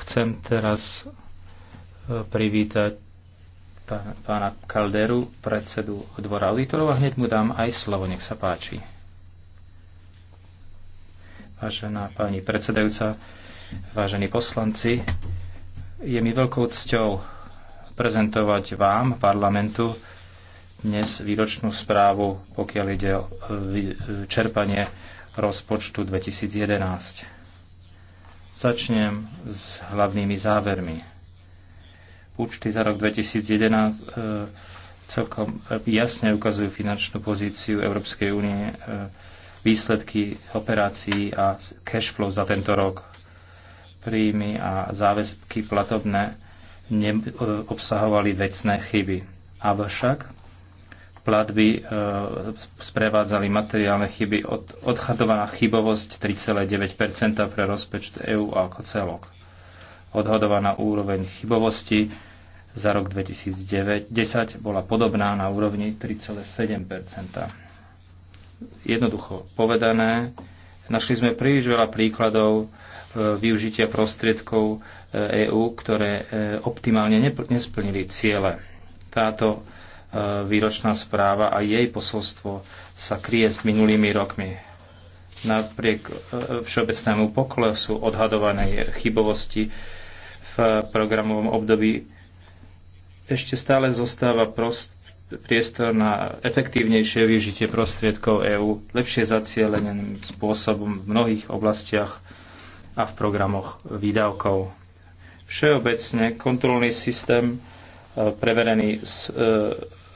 Chcem teraz eh, privítať pána Calderu, predsedu dvora auditorov a hneď mu dám aj slovo, nech sa páči. Vážená pani predsedajúca, vážení poslanci, je mi veľkou cťou prezentovať vám, parlamentu, dnes výročnú správu, pokiaľ ide o eh, eh, čerpanie rozpočtu 2011. Začnem s hlavnými závermi. Účty za rok 2011 e, celkom e, jasne ukazujú finančnú pozíciu Európskej únie, e, výsledky operácií a cash flow za tento rok. Príjmy a záväzky platobné neobsahovali e, vecné chyby. Avšak platby e, sprevádzali materiálne chyby, od, odhadovaná chybovosť 3,9 pre rozpočet EÚ ako celok. Odhadovaná úroveň chybovosti za rok 2010 bola podobná na úrovni 3,7 Jednoducho povedané, našli sme príliš veľa príkladov e, využitia prostriedkov EÚ, e ktoré optimálne nesplnili ciele. Táto E, výročná správa a jej posolstvo sa kryje s minulými rokmi. Napriek e, všeobecnému poklesu odhadovanej chybovosti v programovom období ešte stále zostáva prost, priestor na efektívnejšie využitie prostriedkov EÚ lepšie zacieleným spôsobom v mnohých oblastiach a v programoch výdavkov. Všeobecne kontrolný systém e, preverený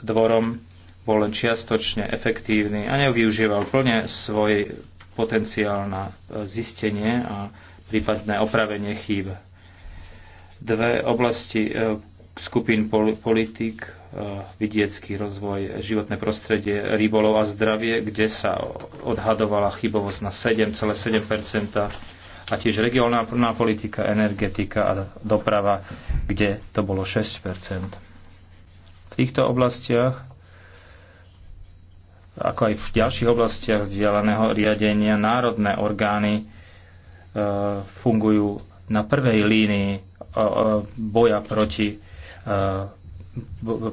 dvorom bol len čiastočne efektívny a nevyužíval plne svoj potenciál na e, zistenie a prípadné opravenie chýb. Dve oblasti e, skupín politík, e, vidiecký rozvoj, životné prostredie, rybolov a zdravie, kde sa odhadovala chybovosť na 7,7 a tiež regionálna politika, energetika a doprava, kde to bolo 6 v týchto oblastiach, ako aj v ďalších oblastiach vzdialeného riadenia, národné orgány e, fungujú na prvej línii e, e, boja proti,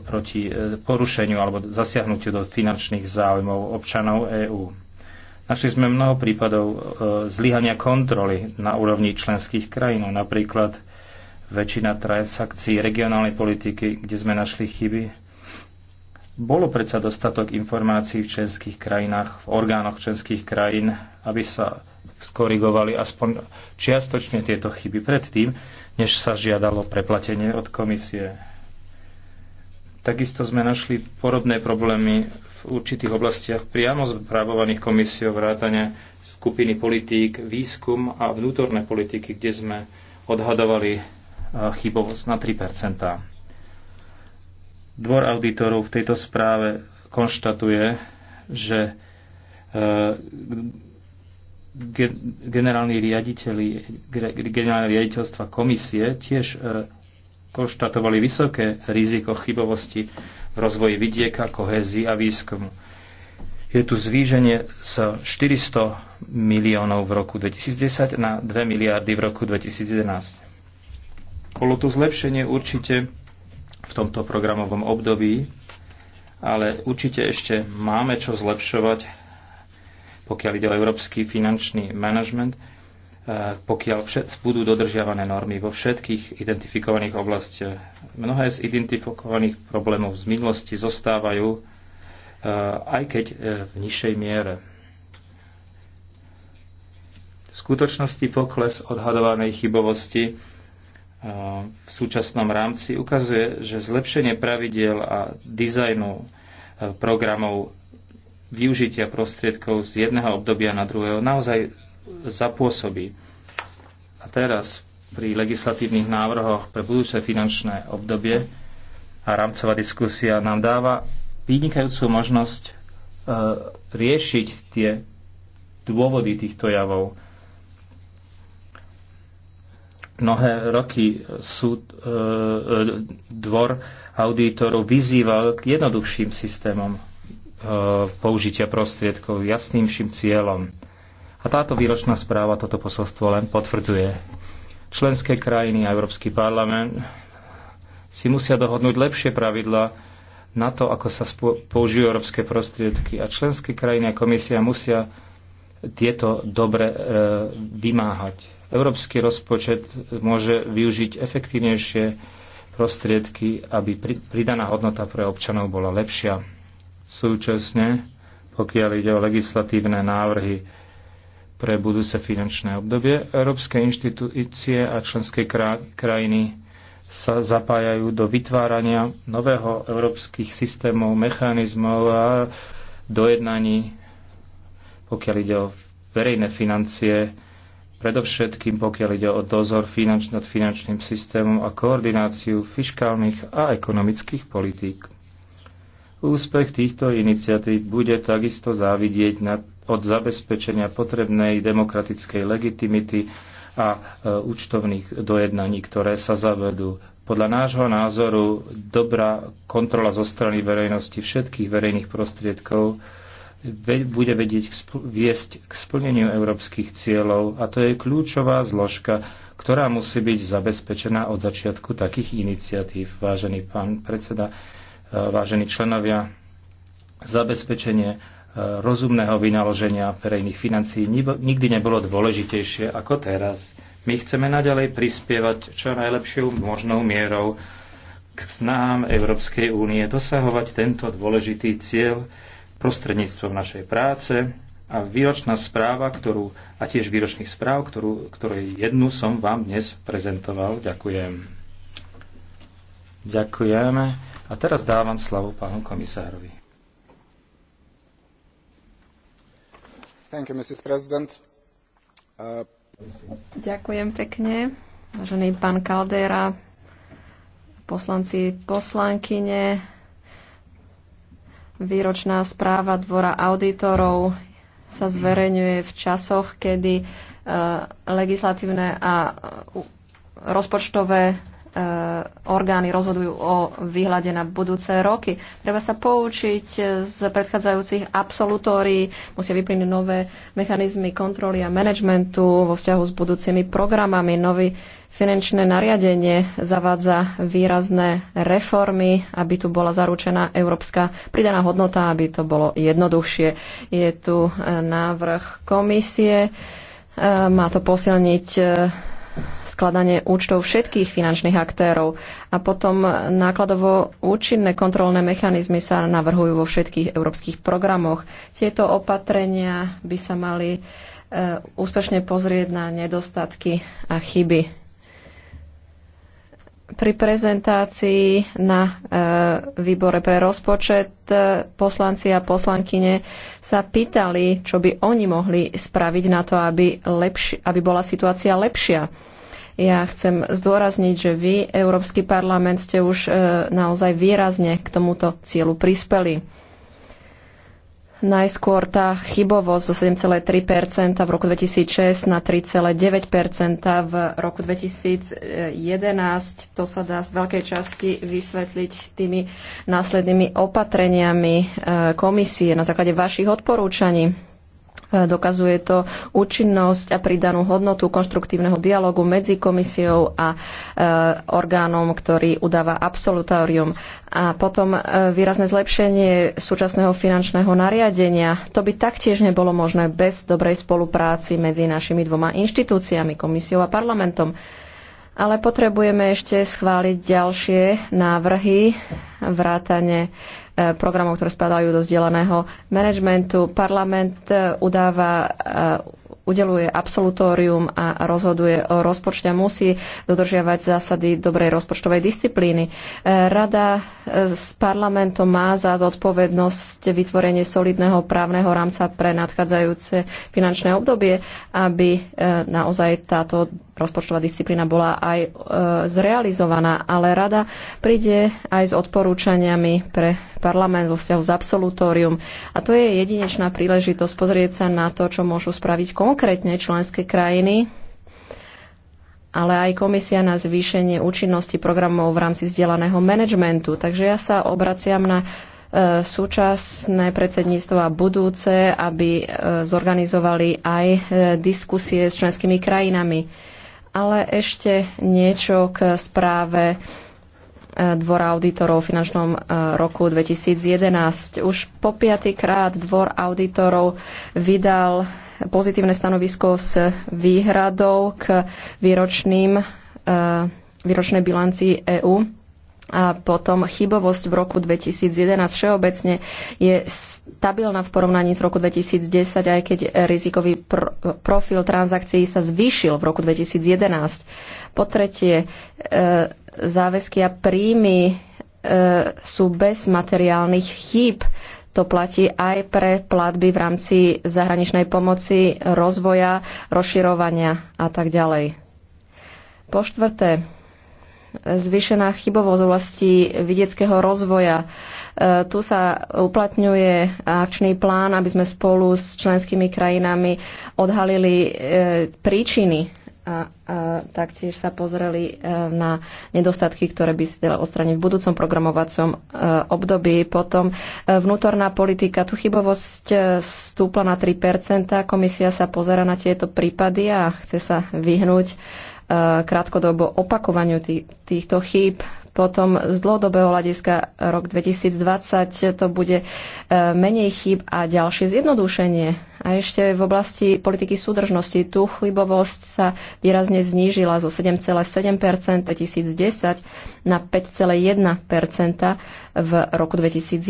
proti porušeniu alebo zasiahnutiu do finančných záujmov občanov EÚ. Našli sme mnoho prípadov zlyhania kontroly na úrovni členských krajín, napríklad väčšina transakcií regionálnej politiky, kde sme našli chyby. Bolo predsa dostatok informácií v členských krajinách, v orgánoch členských krajín, aby sa skorigovali aspoň čiastočne tieto chyby predtým, než sa žiadalo preplatenie od komisie. Takisto sme našli podobné problémy v určitých oblastiach priamo zpravovaných komisiou vrátane skupiny politík, výskum a vnútorné politiky, kde sme odhadovali chybovosť na 3 Dvor auditorov v tejto správe konštatuje, že eh, generálni riaditeľi, generálne riaditeľstva komisie tiež eh, konštatovali vysoké riziko chybovosti v rozvoji vidieka, kohézii a výskumu. Je tu zvýženie z 400 miliónov v roku 2010 na 2 miliardy v roku 2011. Bolo tu zlepšenie určite v tomto programovom období, ale určite ešte máme čo zlepšovať, pokiaľ ide o európsky finančný manažment, eh, pokiaľ všet, budú dodržiavané normy vo všetkých identifikovaných oblastiach. Mnohé z identifikovaných problémov z minulosti zostávajú, eh, aj keď eh, v nižšej miere. V skutočnosti pokles odhadovanej chybovosti v súčasnom rámci ukazuje, že zlepšenie pravidiel a dizajnu e, programov využitia prostriedkov z jedného obdobia na druhého naozaj zapôsobí. A teraz pri legislatívnych návrhoch pre budúce finančné obdobie a rámcová diskusia nám dáva vynikajúcu možnosť e, riešiť tie dôvody týchto javov Mnohé roky súd, e, e, dvor auditorov vyzýval k jednoduchším systémom e, použitia prostriedkov, jasnýmším cieľom. A táto výročná správa toto posolstvo len potvrdzuje. Členské krajiny a Európsky parlament si musia dohodnúť lepšie pravidla na to, ako sa použijú európske prostriedky. A členské krajiny a komisia musia tieto dobre e, vymáhať Európsky rozpočet môže využiť efektívnejšie prostriedky, aby pridaná hodnota pre občanov bola lepšia. Súčasne, pokiaľ ide o legislatívne návrhy pre budúce finančné obdobie, európske inštitúcie a členské krajiny sa zapájajú do vytvárania nového európskych systémov, mechanizmov a dojednaní, pokiaľ ide o verejné financie, predovšetkým pokiaľ ide o dozor finanč, nad finančným systémom a koordináciu fiškálnych a ekonomických politík. Úspech týchto iniciatív bude takisto závidieť na, od zabezpečenia potrebnej demokratickej legitimity a e, účtovných dojednaní, ktoré sa zavedú. Podľa nášho názoru dobrá kontrola zo strany verejnosti všetkých verejných prostriedkov bude vedieť viesť k splneniu európskych cieľov a to je kľúčová zložka, ktorá musí byť zabezpečená od začiatku takých iniciatív. Vážený pán predseda, e, vážení členovia, zabezpečenie e, rozumného vynaloženia verejných financií nikdy nebolo dôležitejšie ako teraz. My chceme naďalej prispievať čo najlepšou možnou mierou k snahám Európskej únie dosahovať tento dôležitý cieľ, prostredníctvom našej práce a výročná správa, ktorú, a tiež výročných správ, ktorú, ktorej jednu som vám dnes prezentoval. Ďakujem. Ďakujem. A teraz dávam slavu pánu komisárovi. Thank you, Mrs. President. Uh... Ďakujem pekne. Vážený pán Caldera, poslanci, poslankyne, Výročná správa Dvora auditorov sa zverejňuje v časoch, kedy eh, legislatívne a rozpočtové E, orgány rozhodujú o výhľade na budúce roky. Treba sa poučiť z predchádzajúcich absolutórií, musia vyplniť nové mechanizmy kontroly a manažmentu vo vzťahu s budúcimi programami. Nový finančné nariadenie zavádza výrazné reformy, aby tu bola zaručená európska pridaná hodnota, aby to bolo jednoduchšie. Je tu e, návrh komisie, e, má to posilniť skladanie účtov všetkých finančných aktérov a potom nákladovo účinné kontrolné mechanizmy sa navrhujú vo všetkých európskych programoch. Tieto opatrenia by sa mali e, úspešne pozrieť na nedostatky a chyby pri prezentácii na e, výbore pre rozpočet e, poslanci a poslankyne sa pýtali, čo by oni mohli spraviť na to, aby, lepši, aby bola situácia lepšia. Ja chcem zdôrazniť, že vy, Európsky parlament, ste už e, naozaj výrazne k tomuto cieľu prispeli. Najskôr tá chybovosť zo 7,3 v roku 2006 na 3,9 v roku 2011. To sa dá z veľkej časti vysvetliť tými následnými opatreniami eh, komisie na základe vašich odporúčaní. Dokazuje to účinnosť a pridanú hodnotu konštruktívneho dialogu medzi komisiou a e, orgánom, ktorý udáva absolutárium. A potom e, výrazné zlepšenie súčasného finančného nariadenia. To by taktiež nebolo možné bez dobrej spolupráci medzi našimi dvoma inštitúciami, komisiou a parlamentom ale potrebujeme ešte schváliť ďalšie návrhy vrátane e, programov, ktoré spadajú do zdieľaného manažmentu. Parlament e, udáva e, udeluje absolutórium a rozhoduje o rozpočte a musí dodržiavať zásady dobrej rozpočtovej disciplíny. Rada s parlamentom má za zodpovednosť vytvorenie solidného právneho rámca pre nadchádzajúce finančné obdobie, aby naozaj táto rozpočtová disciplína bola aj e, zrealizovaná, ale rada príde aj s odporúčaniami pre parlament vo vzťahu s absolutórium. A to je jedinečná príležitosť pozrieť sa na to, čo môžu spraviť konkrétne členské krajiny, ale aj komisia na zvýšenie účinnosti programov v rámci vzdelaného manažmentu. Takže ja sa obraciam na e, súčasné predsedníctvo a budúce, aby e, zorganizovali aj e, diskusie s členskými krajinami. Ale ešte niečo k správe e, Dvora auditorov v finančnom e, roku 2011. Už po piatýkrát Dvor auditorov vydal pozitívne stanovisko s výhradou k výročným, e, výročnej bilancii EÚ a potom chybovosť v roku 2011 všeobecne je stabilná v porovnaní s roku 2010, aj keď rizikový pr- profil transakcií sa zvýšil v roku 2011. Po tretie, e, záväzky a príjmy e, sú bez materiálnych chýb. To platí aj pre platby v rámci zahraničnej pomoci, rozvoja, rozširovania a tak ďalej. Po štvrté, zvýšená chybovosť v oblasti vidieckého rozvoja. E, tu sa uplatňuje akčný plán, aby sme spolu s členskými krajinami odhalili e, príčiny a, a taktiež sa pozreli e, na nedostatky, ktoré by si dala odstraniť v budúcom programovacom období. Potom vnútorná politika, tu chybovosť stúpla na 3%, komisia sa pozera na tieto prípady a chce sa vyhnúť krátkodobo opakovaniu tých, týchto chýb. Potom z dlhodobého hľadiska rok 2020 to bude e, menej chýb a ďalšie zjednodušenie. A ešte v oblasti politiky súdržnosti tu chybovosť sa výrazne znížila zo 7,7 2010 na 5,1 v roku 2011.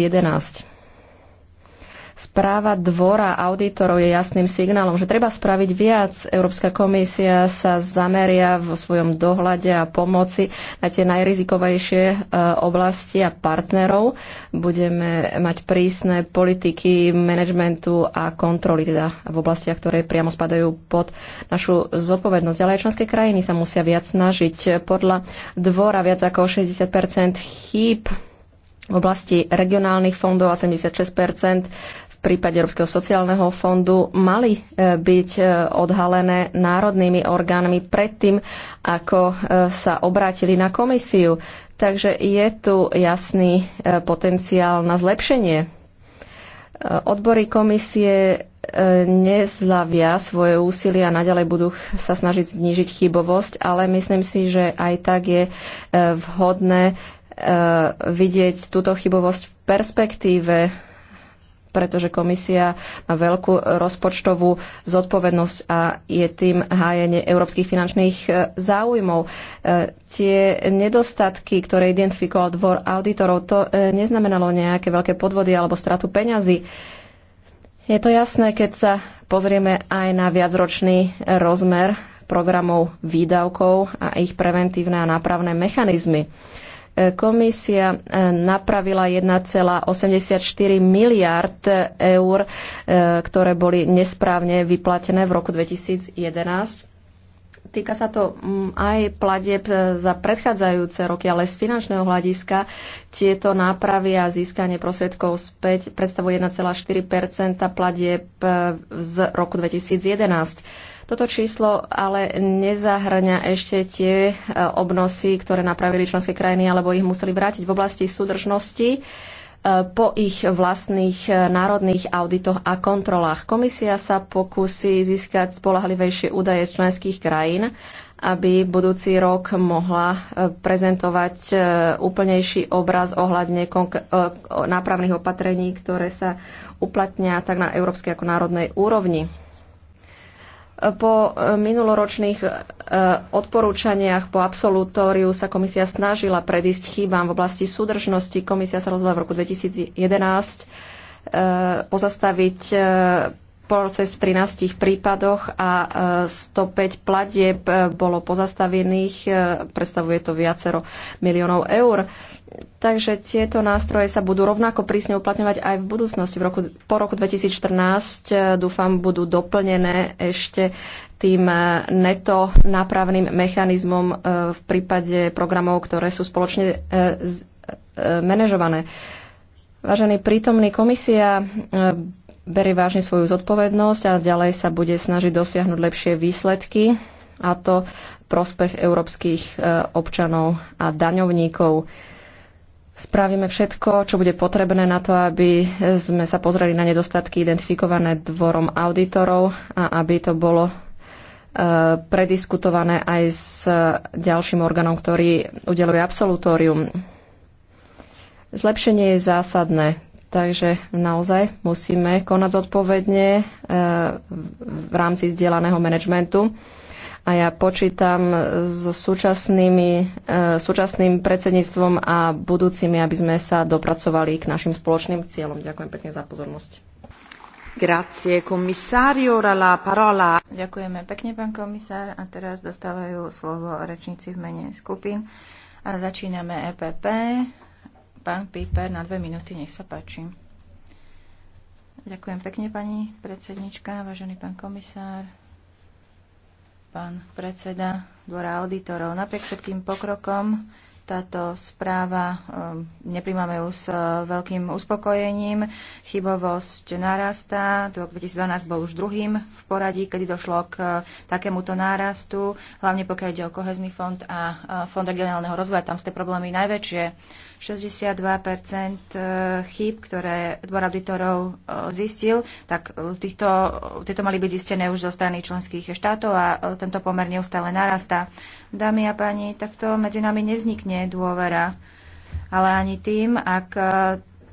Správa dvora auditorov je jasným signálom, že treba spraviť viac. Európska komisia sa zameria vo svojom dohľade a pomoci na tie najrizikovejšie e, oblasti a partnerov. Budeme mať prísne politiky managementu a kontroly teda v oblastiach, ktoré priamo spadajú pod našu zodpovednosť. Ale aj členské krajiny sa musia viac snažiť. Podľa dvora viac ako 60 chýb v oblasti regionálnych fondov a 76 prípade Európskeho sociálneho fondu mali e, byť e, odhalené národnými orgánmi predtým, ako e, sa obrátili na komisiu. Takže je tu jasný potenciál na zlepšenie. Odbory komisie nezlavia svoje úsilie a naďalej budú sa snažiť znížiť chybovosť, ale myslím si, že aj tak je vhodné vidieť túto chybovosť v perspektíve pretože komisia má veľkú rozpočtovú zodpovednosť a je tým hájenie európskych finančných e, záujmov. E, tie nedostatky, ktoré identifikoval dvor auditorov, to e, neznamenalo nejaké veľké podvody alebo stratu peňazí. Je to jasné, keď sa pozrieme aj na viacročný rozmer programov výdavkov a ich preventívne a nápravné mechanizmy. Komisia e, napravila 1,84 miliard eur, e, ktoré boli nesprávne vyplatené v roku 2011. Týka sa to mm, aj pladeb e, za predchádzajúce roky, ale z finančného hľadiska tieto nápravy a získanie prosvedkov späť predstavuje 1,4 platieb z roku 2011 toto číslo ale nezahrňa ešte tie e, obnosy, ktoré napravili členské krajiny alebo ich museli vrátiť v oblasti súdržnosti e, po ich vlastných e, národných auditoch a kontrolách. Komisia sa pokusí získať spolahlivejšie údaje z členských krajín, aby budúci rok mohla prezentovať úplnejší obraz ohľadne nápravných opatrení, ktoré sa uplatnia tak na európskej ako národnej úrovni. Po minuloročných e, odporúčaniach po absolutóriu sa komisia snažila predísť chýbám v oblasti súdržnosti. Komisia sa rozhodla v roku 2011 e, pozastaviť e, proces v 13 prípadoch a 105 platieb bolo pozastavených, predstavuje to viacero miliónov eur. Takže tieto nástroje sa budú rovnako prísne uplatňovať aj v budúcnosti. V roku, po roku 2014 e, dúfam budú doplnené ešte tým e, neto nápravným mechanizmom e, v prípade programov, ktoré sú spoločne manažované. Vážený prítomný komisia berie vážne svoju zodpovednosť a ďalej sa bude snažiť dosiahnuť lepšie výsledky a to prospech európskych občanov a daňovníkov. Spravíme všetko, čo bude potrebné na to, aby sme sa pozreli na nedostatky identifikované dvorom auditorov a aby to bolo e, prediskutované aj s ďalším orgánom, ktorý udeluje absolutórium. Zlepšenie je zásadné, takže naozaj musíme konať zodpovedne e, v rámci zdieľaného manažmentu a ja počítam so súčasnými, e, súčasným predsedníctvom a budúcimi, aby sme sa dopracovali k našim spoločným cieľom. Ďakujem pekne za pozornosť. Grazie, komisario, la parola. Ďakujeme pekne, pán komisár. A teraz dostávajú slovo rečníci v mene skupín. A začíname EPP. Pán Piper, na dve minúty, nech sa páči. Ďakujem pekne, pani predsednička, vážený pán komisár, pán predseda Dvora auditorov. Napriek všetkým pokrokom táto správa ehm, nepríjmame ju s eh, veľkým uspokojením. Chybovosť narastá. 2012 bol už druhým v poradí, kedy došlo k eh, takémuto nárastu, hlavne pokiaľ ide o kohezný fond a eh, fond regionálneho rozvoja. Tam sú tie problémy najväčšie 62 e, chýb, ktoré dvor auditorov e, zistil, tak e, týchto, tieto mali byť zistené už zo strany členských štátov a tento pomer neustále narastá. Dámy a páni, takto medzi nami nevznikne dôvera, ale ani tým, ak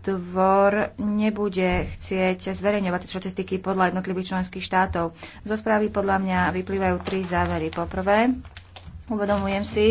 dvor nebude chcieť zverejňovať štatistiky podľa jednotlivých členských štátov. Zo správy podľa mňa vyplývajú tri závery. Poprvé, uvedomujem si,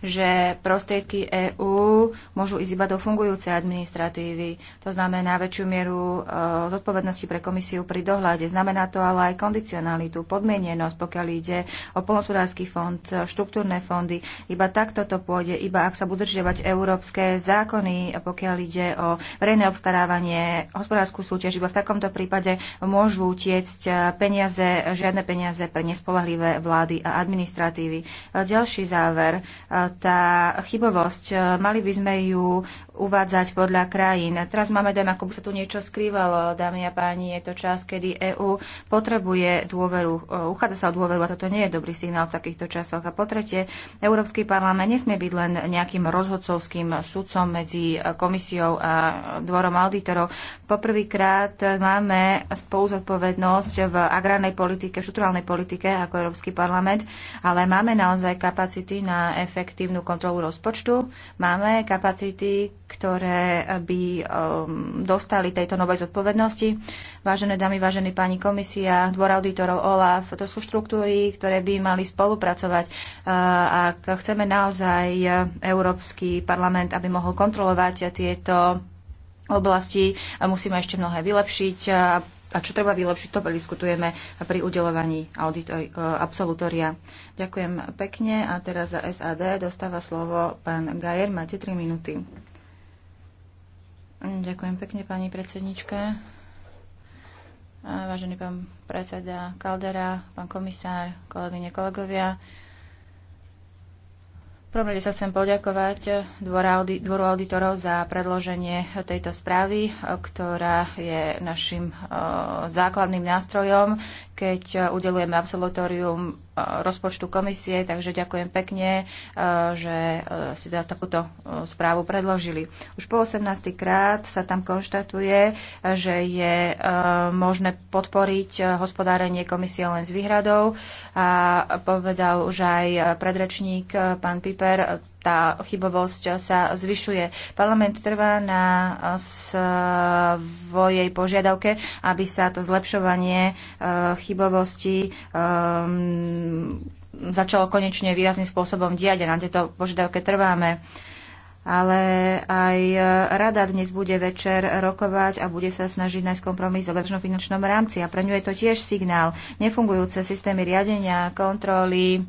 že prostriedky EÚ môžu ísť iba do fungujúcej administratívy. To znamená väčšiu mieru e, zodpovednosti pre komisiu pri dohľade. Znamená to ale aj kondicionalitu, podmienenosť, pokiaľ ide o polnospodársky fond, e, štruktúrne fondy. Iba takto to pôjde, iba ak sa budú držiavať európske zákony, pokiaľ ide o verejné obstarávanie, hospodárskú súťaž, iba v takomto prípade môžu tiecť e, peniaze, žiadne peniaze pre nespolahlivé vlády a administratívy. Ďalší záver tá chybovosť. Mali by sme ju uvádzať podľa krajín. Teraz máme dojem, ako by sa tu niečo skrývalo. Dámy a páni, je to čas, kedy EÚ potrebuje dôveru, e, uchádza sa o dôveru a toto nie je dobrý signál v takýchto časoch. A po tretie, Európsky parlament nesmie byť len nejakým rozhodcovským sudcom medzi komisiou a dvorom auditorov. Poprvýkrát máme spolu zodpovednosť v agrárnej politike, v politike ako Európsky parlament, ale máme naozaj kapacity na efektívnu kontrolu rozpočtu, máme kapacity, ktoré by um, dostali tejto novej zodpovednosti. Vážené dámy, vážení páni komisia, dvor auditorov OLAF, to sú štruktúry, ktoré by mali spolupracovať, uh, ak chceme naozaj Európsky parlament, aby mohol kontrolovať tieto oblasti, musíme ešte mnohé vylepšiť. a čo treba vylepšiť, to diskutujeme pri udelovaní auditor- uh, absolutória. Ďakujem pekne a teraz za SAD dostáva slovo pán Gajer. Máte 3 minúty. Ďakujem pekne, pani predsednička. Vážený pán predseda Kaldera, pán komisár, kolegyne, kolegovia. Prvom rade sa chcem poďakovať Dvoru auditorov za predloženie tejto správy, ktorá je našim základným nástrojom, keď udelujeme absolutórium E, rozpočtu komisie, takže ďakujem pekne, e, že e, si teda takúto správu predložili. Už po 18. krát sa tam konštatuje, že je možné podporiť hospodárenie komisie len s výhradou a povedal už aj predrečník pán Piper, tá chybovosť sa zvyšuje. Parlament trvá na svojej požiadavke, aby sa to zlepšovanie e, chybovosti e, začalo konečne výrazným spôsobom diať a na tieto požiadavke trváme ale aj rada dnes bude večer rokovať a bude sa snažiť nájsť kompromis o lepšom finančnom rámci. A pre ňu je to tiež signál. Nefungujúce systémy riadenia, kontroly,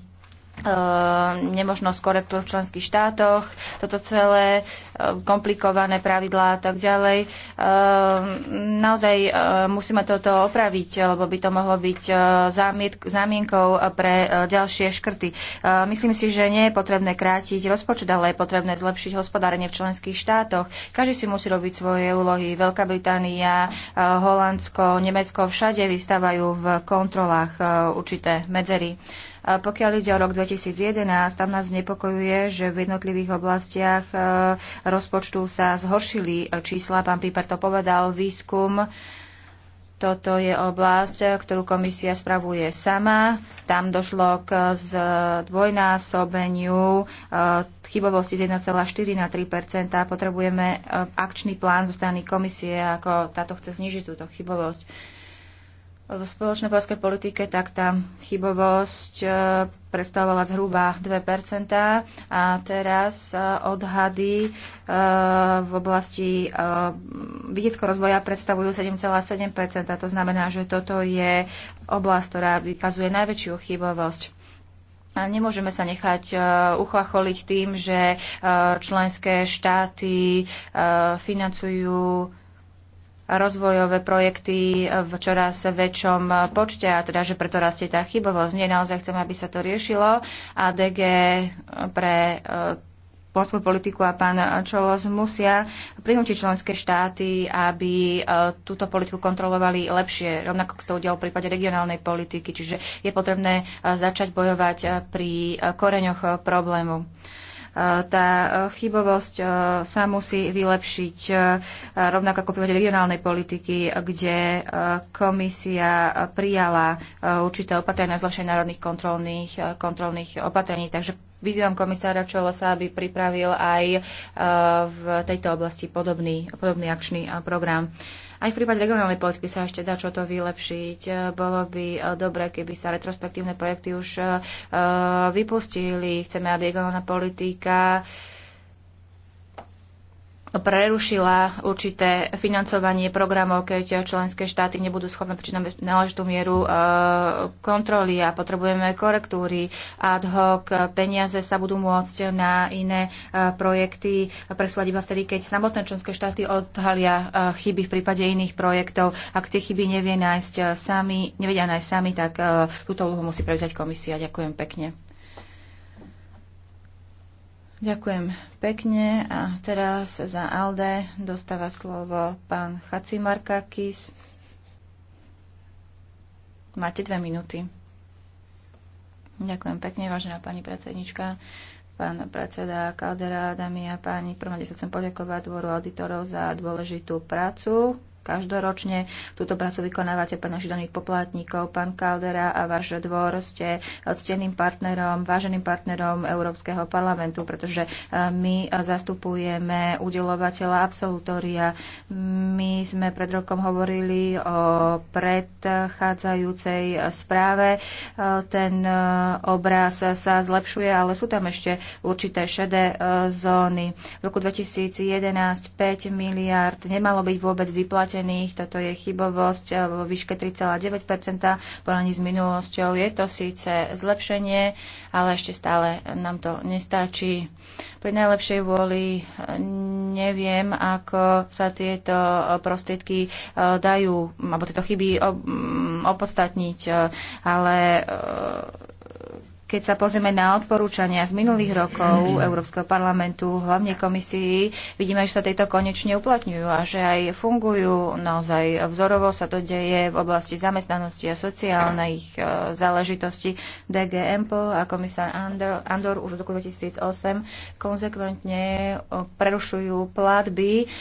Ehm, nemožnosť korektúr v členských štátoch, toto celé, ehm, komplikované pravidlá a tak ďalej. Ehm, naozaj musíme toto opraviť, lebo by to mohlo byť zámienkou pre ďalšie škrty. Myslím si, že nie je potrebné krátiť rozpočet, ale je potrebné zlepšiť hospodárenie v členských štátoch. Každý si musí robiť svoje úlohy. Veľká Británia, Holandsko, Nemecko všade vystávajú v kontrolách určité medzery. Pokiaľ ide o rok 2011, tam nás znepokojuje, že v jednotlivých oblastiach e, rozpočtu sa zhoršili e, čísla. Pán Píper to povedal, výskum toto je oblasť, ktorú komisia spravuje sama. Tam došlo k zdvojnásobeniu e, chybovosti z 1,4 na 3 Potrebujeme akčný plán zo strany komisie, ako táto chce znižiť túto chybovosť v spoločnej polskej politike, tak tá chybovosť e, predstavovala zhruba 2 a teraz e, odhady e, v oblasti vidieckého rozvoja predstavujú 7,7 To znamená, že toto je oblasť, ktorá vykazuje najväčšiu chybovosť. A nemôžeme sa nechať uchlacholiť tým, že členské štáty financujú rozvojové projekty v čoraz väčšom počte a teda, že preto rastie tá chybovosť. Nie, naozaj chcem, aby sa to riešilo a DG pre e, polskú politiku a pán Čolos musia prinútiť členské štáty, aby e, túto politiku kontrolovali lepšie, rovnako sa to udialo v prípade regionálnej politiky. Čiže je potrebné e, začať bojovať pri koreňoch problému. Tá e, chybovosť e, sa musí vylepšiť e, rovnako ako v prípade regionálnej politiky, kde komisia prijala určité opatrenia na zlepšenie národných kontrolných, kontrolných opatrení. Takže vyzývam komisára Čolosa, aby pripravil aj v tejto oblasti podobný, podobný akčný program. Aj v prípade regionálnej politiky sa ešte dá čo to vylepšiť. E, bolo by e, dobre, keby sa retrospektívne projekty už e, vypustili. Chceme, aby regionálna politika prerušila určité financovanie programov, keď členské štáty nebudú schopné pričinať náležitú mieru e, kontroly a potrebujeme korektúry ad hoc. E, peniaze sa budú môcť na iné e, projekty presúvať iba vtedy, keď samotné členské štáty odhalia chyby v prípade iných projektov. Ak tie chyby nevie nájsť sami, nevedia nájsť sami, tak túto úlohu musí prevziať komisia. Ďakujem pekne. Ďakujem pekne a teraz za ALDE dostáva slovo pán Chacimarkakis. Máte dve minúty. Ďakujem pekne, vážená pani predsednička, pán predseda Kaldera, dámy a páni. Prvom rade sa chcem poďakovať dvoru auditorov za dôležitú prácu, každoročne. Túto prácu vykonávate pre našich daných poplatníkov. Pán Kaldera a váš dvor ste cteným partnerom, váženým partnerom Európskeho parlamentu, pretože e, my zastupujeme udelovateľa absolutória. My sme pred rokom hovorili o predchádzajúcej správe. E, ten e, obraz sa zlepšuje, ale sú tam ešte určité šedé zóny. V roku 2011 5 miliard nemalo byť vôbec vyplatené nezaplatených. Toto je chybovosť eh, vo výške 3,9 porovnaní s minulosťou. Je to síce zlepšenie, ale ešte stále nám to nestačí. Pri najlepšej vôli eh, neviem, ako sa tieto eh, prostriedky dajú, alebo tieto chyby mm, opodstatniť, ale keď sa pozrieme na odporúčania z minulých rokov Európskeho parlamentu, hlavne komisii, vidíme, že sa tieto konečne uplatňujú a že aj fungujú. Naozaj vzorovo sa to deje v oblasti zamestnanosti a sociálnych e, záležitostí. DGMPO a komisár Andor, Andor už v roku 2008 konzekventne e, prerušujú platby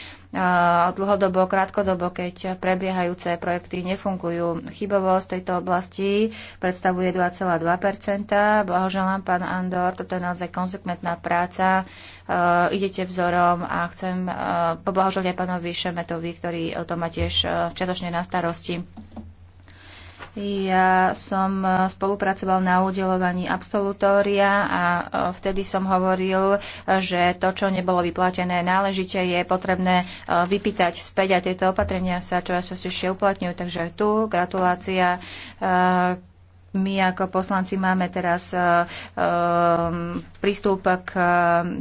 dlhodobo, krátkodobo, keď prebiehajúce projekty nefungujú. Chybovosť tejto oblasti predstavuje 2,2 Blahoželám, pán Andor, toto je naozaj konsekventná práca. Uh, idete vzorom a chcem uh, poblahoželať aj pánovi Šemetovi, ktorý o to má tiež uh, e, včatočne na starosti. Ja som eh, spolupracoval na udelovaní absolutória a eh, vtedy som hovoril, eh, že to, čo nebolo vyplatené náležite, je potrebné vypýtať späť a tieto opatrenia sa čo čoraz ešte uplatňujú. Takže tu gratulácia my ako poslanci máme teraz prístup k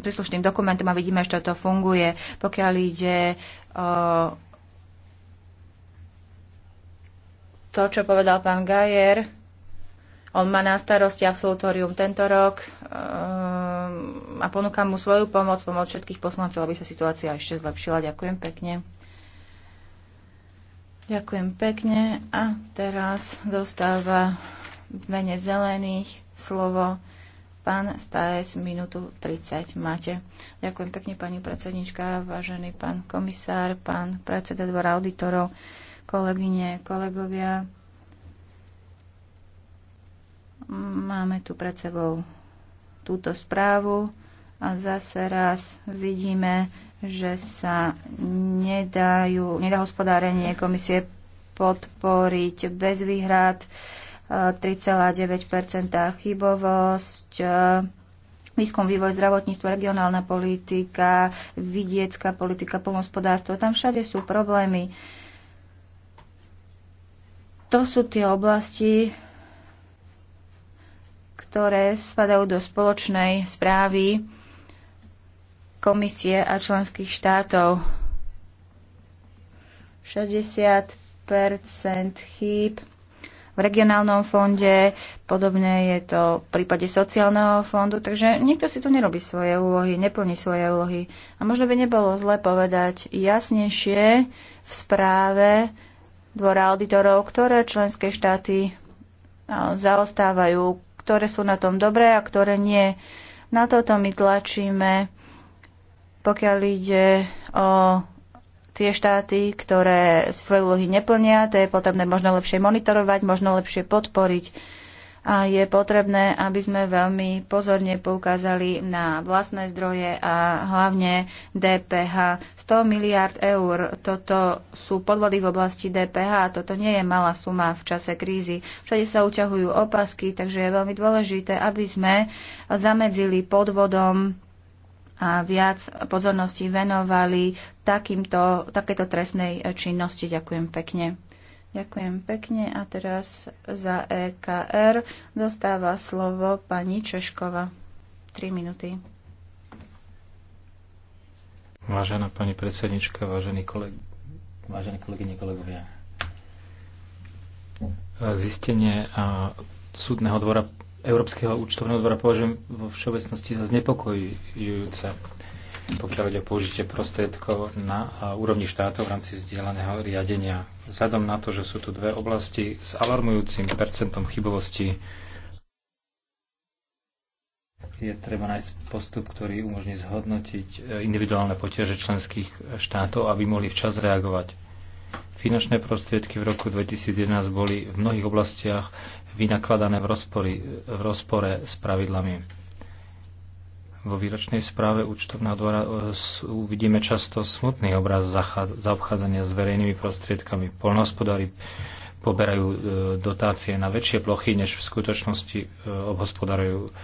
príslušným dokumentom a vidíme, že to funguje. Pokiaľ ide o. to, čo povedal pán Gajer. On má na starosti absolutórium tento rok ehm, a ponúkam mu svoju pomoc, pomoc všetkých poslancov, aby sa situácia ešte zlepšila. Ďakujem pekne. Ďakujem pekne. A teraz dostáva v mene zelených slovo pán Stajes, minútu 30 máte. Ďakujem pekne, pani predsednička, vážený pán komisár, pán predseda dvora auditorov kolegyne, kolegovia. Máme tu pred sebou túto správu a zase raz vidíme, že sa nedajú, nedá hospodárenie komisie podporiť bez výhrad 3,9 e, chybovosť, e, výskum, vývoj, zdravotníctvo, regionálna politika, vidiecká politika, pomospodárstvo. Tam všade sú problémy. Uh, to sú tie oblasti, ktoré spadajú do spoločnej správy komisie a členských štátov. 60 chýb v regionálnom fonde, podobne je to v prípade sociálneho fondu, takže nikto si tu nerobí svoje úlohy, neplní svoje úlohy. A možno by nebolo zle povedať jasnejšie v správe, dvora auditorov, ktoré členské štáty zaostávajú, ktoré sú na tom dobré a ktoré nie. Na toto my tlačíme, pokiaľ ide o tie štáty, ktoré svoje úlohy neplnia, to je potrebné možno lepšie monitorovať, možno lepšie podporiť a je potrebné, aby sme veľmi pozorne poukázali na vlastné zdroje a hlavne DPH. 100 miliard eur, toto sú podvody v oblasti DPH a toto nie je malá suma v čase krízy. Všade sa uťahujú opasky, takže je veľmi dôležité, aby sme zamedzili podvodom a viac pozornosti venovali takýmto, takéto trestnej činnosti. Ďakujem pekne. Ďakujem pekne a teraz za EKR dostáva slovo pani Češkova. 3 minúty. Vážená pani predsednička, vážení, koleg- vážení kolegyne, kolegovia. Zistenie a súdneho dvora Európskeho účtovného dvora považujem vo všeobecnosti za znepokojujúce pokiaľ ide o použitie prostriedkov na úrovni štátov v rámci vzdielaného riadenia. Vzhľadom na to, že sú tu dve oblasti s alarmujúcim percentom chybovosti, je treba nájsť postup, ktorý umožní zhodnotiť e, individuálne potiaže členských štátov, aby mohli včas reagovať. Finančné prostriedky v roku 2011 boli v mnohých oblastiach vynakladané v, rozpory, v rozpore s pravidlami vo výročnej správe účtovného dvora e, uvidíme často smutný obraz zaobchádzania s verejnými prostriedkami. Polnohospodári poberajú e, dotácie na väčšie plochy, než v skutočnosti e, obhospodarujú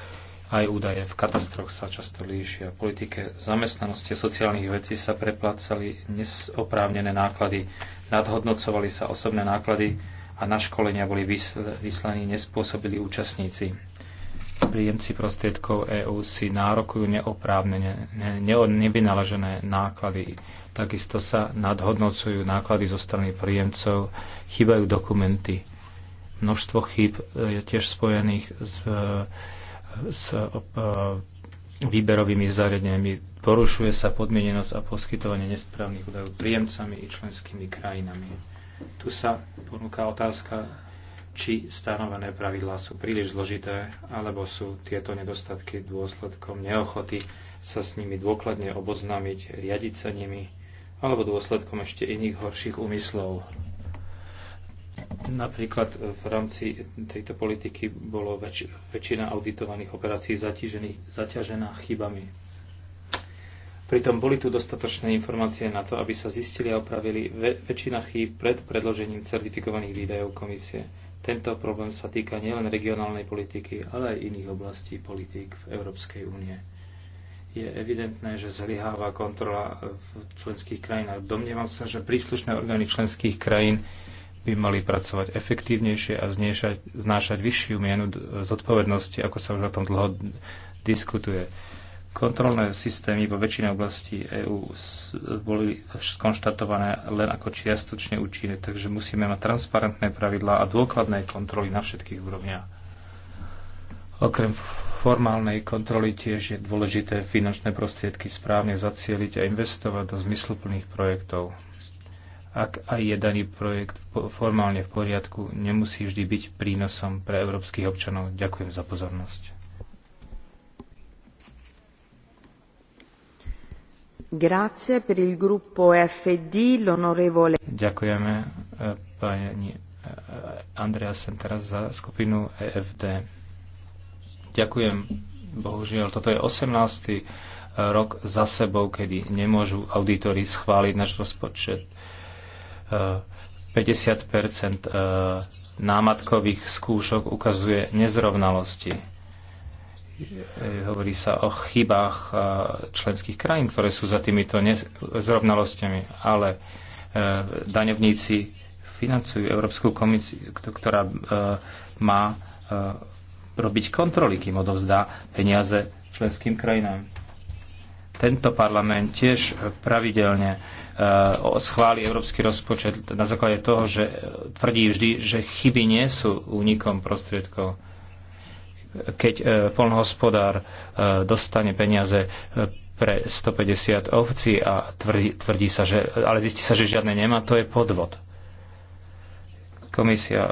aj údaje v katastroch sa často líšia. Politike zamestnanosti a sociálnych vecí sa preplácali nesoprávnené náklady, nadhodnocovali sa osobné náklady a na školenia boli vyslaní nespôsobili účastníci príjemci prostriedkov EÚ si nárokujú neoprávne, ne, ne, nevynaložené náklady. Takisto sa nadhodnocujú náklady zo strany príjemcov, chýbajú dokumenty. Množstvo chýb e, je tiež spojených s, e, s e, výberovými zariadeniami. Porušuje sa podmienenosť a poskytovanie nesprávnych údajov príjemcami i členskými krajinami. Tu sa ponúka otázka či stanovené pravidlá sú príliš zložité, alebo sú tieto nedostatky dôsledkom neochoty sa s nimi dôkladne oboznámiť, riadiť sa nimi, alebo dôsledkom ešte iných horších úmyslov. Napríklad v rámci tejto politiky bolo väč- väčšina auditovaných operácií zaťažená chybami. Pritom boli tu dostatočné informácie na to, aby sa zistili a opravili väčšina chýb pred predložením certifikovaných výdajov komisie tento problém sa týka nielen regionálnej politiky, ale aj iných oblastí politík v Európskej únie. Je evidentné, že zlyháva kontrola v členských krajinách. Domnievam sa, že príslušné orgány členských krajín by mali pracovať efektívnejšie a znášať vyššiu mienu zodpovednosti, ako sa už o tom dlho diskutuje. Kontrolné systémy vo väčšine oblasti EÚ boli skonštatované len ako čiastočne účinné, takže musíme mať transparentné pravidlá a dôkladné kontroly na všetkých úrovniach. Okrem formálnej kontroly tiež je dôležité finančné prostriedky správne zacieliť a investovať do zmysluplných projektov. Ak aj je daný projekt formálne v poriadku, nemusí vždy byť prínosom pre európskych občanov. Ďakujem za pozornosť. Ďakujeme eh, pani eh, Andreasen teraz za skupinu EFD. Ďakujem. Bohužiaľ, toto je 18. Eh, rok za sebou, kedy nemôžu auditori schváliť náš rozpočet. 50 námatkových skúšok ukazuje nezrovnalosti Hovorí sa o chybách e, členských krajín, ktoré sú za týmito zrovnalosťami, ale e, daňovníci financujú Európsku komisiu, ktorá e, má robiť kontroly, kým odovzdá peniaze členským krajinám. Tento parlament tiež pravidelne schváli európsky rozpočet na základe toho, že tvrdí vždy, že chyby nie sú únikom prostriedkov keď e, polnohospodár e, dostane peniaze e, pre 150 ovcí a tvrdí, tvrdí sa, že, ale zistí sa, že žiadne nemá, to je podvod. Komisia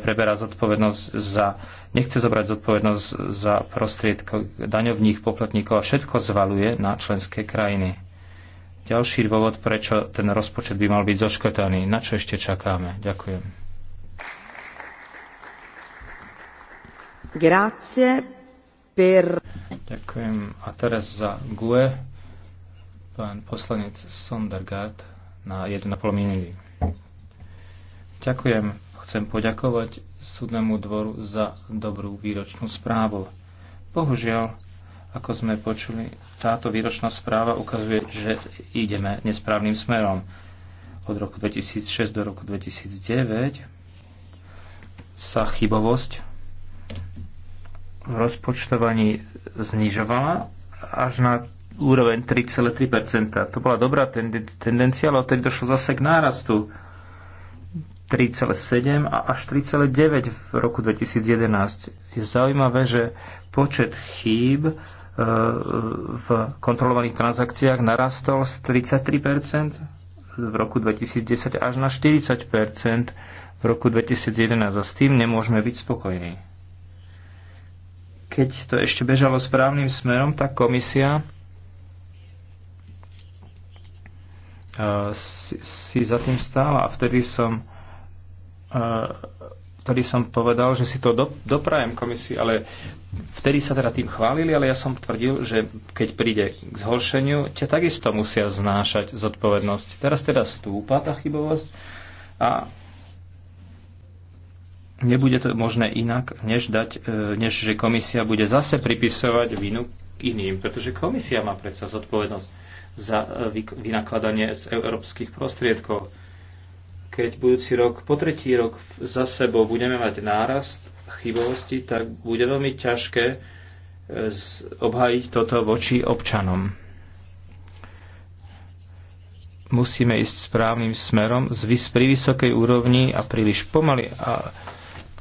preberá zodpovednosť za, nechce zobrať zodpovednosť za prostriedko daňovných poplatníkov a všetko zvaluje na členské krajiny. Ďalší dôvod, prečo ten rozpočet by mal byť zoškotaný. Na čo ešte čakáme? Ďakujem. Grazie per... Ďakujem. A teraz za GUE pán poslanec Sondergaard na 1,5 minúty. Ďakujem. Chcem poďakovať súdnemu dvoru za dobrú výročnú správu. Bohužiaľ, ako sme počuli, táto výročná správa ukazuje, že ideme nesprávnym smerom. Od roku 2006 do roku 2009 sa chybovosť rozpočtovaní znižovala až na úroveň 3,3%. To bola dobrá tendencia, ale odtedy došlo zase k nárastu 3,7 a až 3,9 v roku 2011. Je zaujímavé, že počet chýb e, v kontrolovaných transakciách narastol z 33% v roku 2010 až na 40% v roku 2011 a s tým nemôžeme byť spokojní keď to ešte bežalo správnym smerom, tak komisia e, si, si za tým stála a vtedy som e, vtedy som povedal, že si to do, doprajem komisii, ale vtedy sa teda tým chválili, ale ja som tvrdil, že keď príde k zhoršeniu, ťa takisto musia znášať zodpovednosť. Teraz teda stúpa tá chybovosť a Nebude to možné inak, než, dať, e, než že komisia bude zase pripisovať vinu iným, pretože komisia má predsa zodpovednosť za e, vynakladanie z e, európskych prostriedkov. Keď budúci rok, po tretí rok za sebou budeme mať nárast chybovosti, tak bude veľmi ťažké obhájiť toto voči občanom. Musíme ísť správnym smerom pri vysokej úrovni a príliš pomaly. A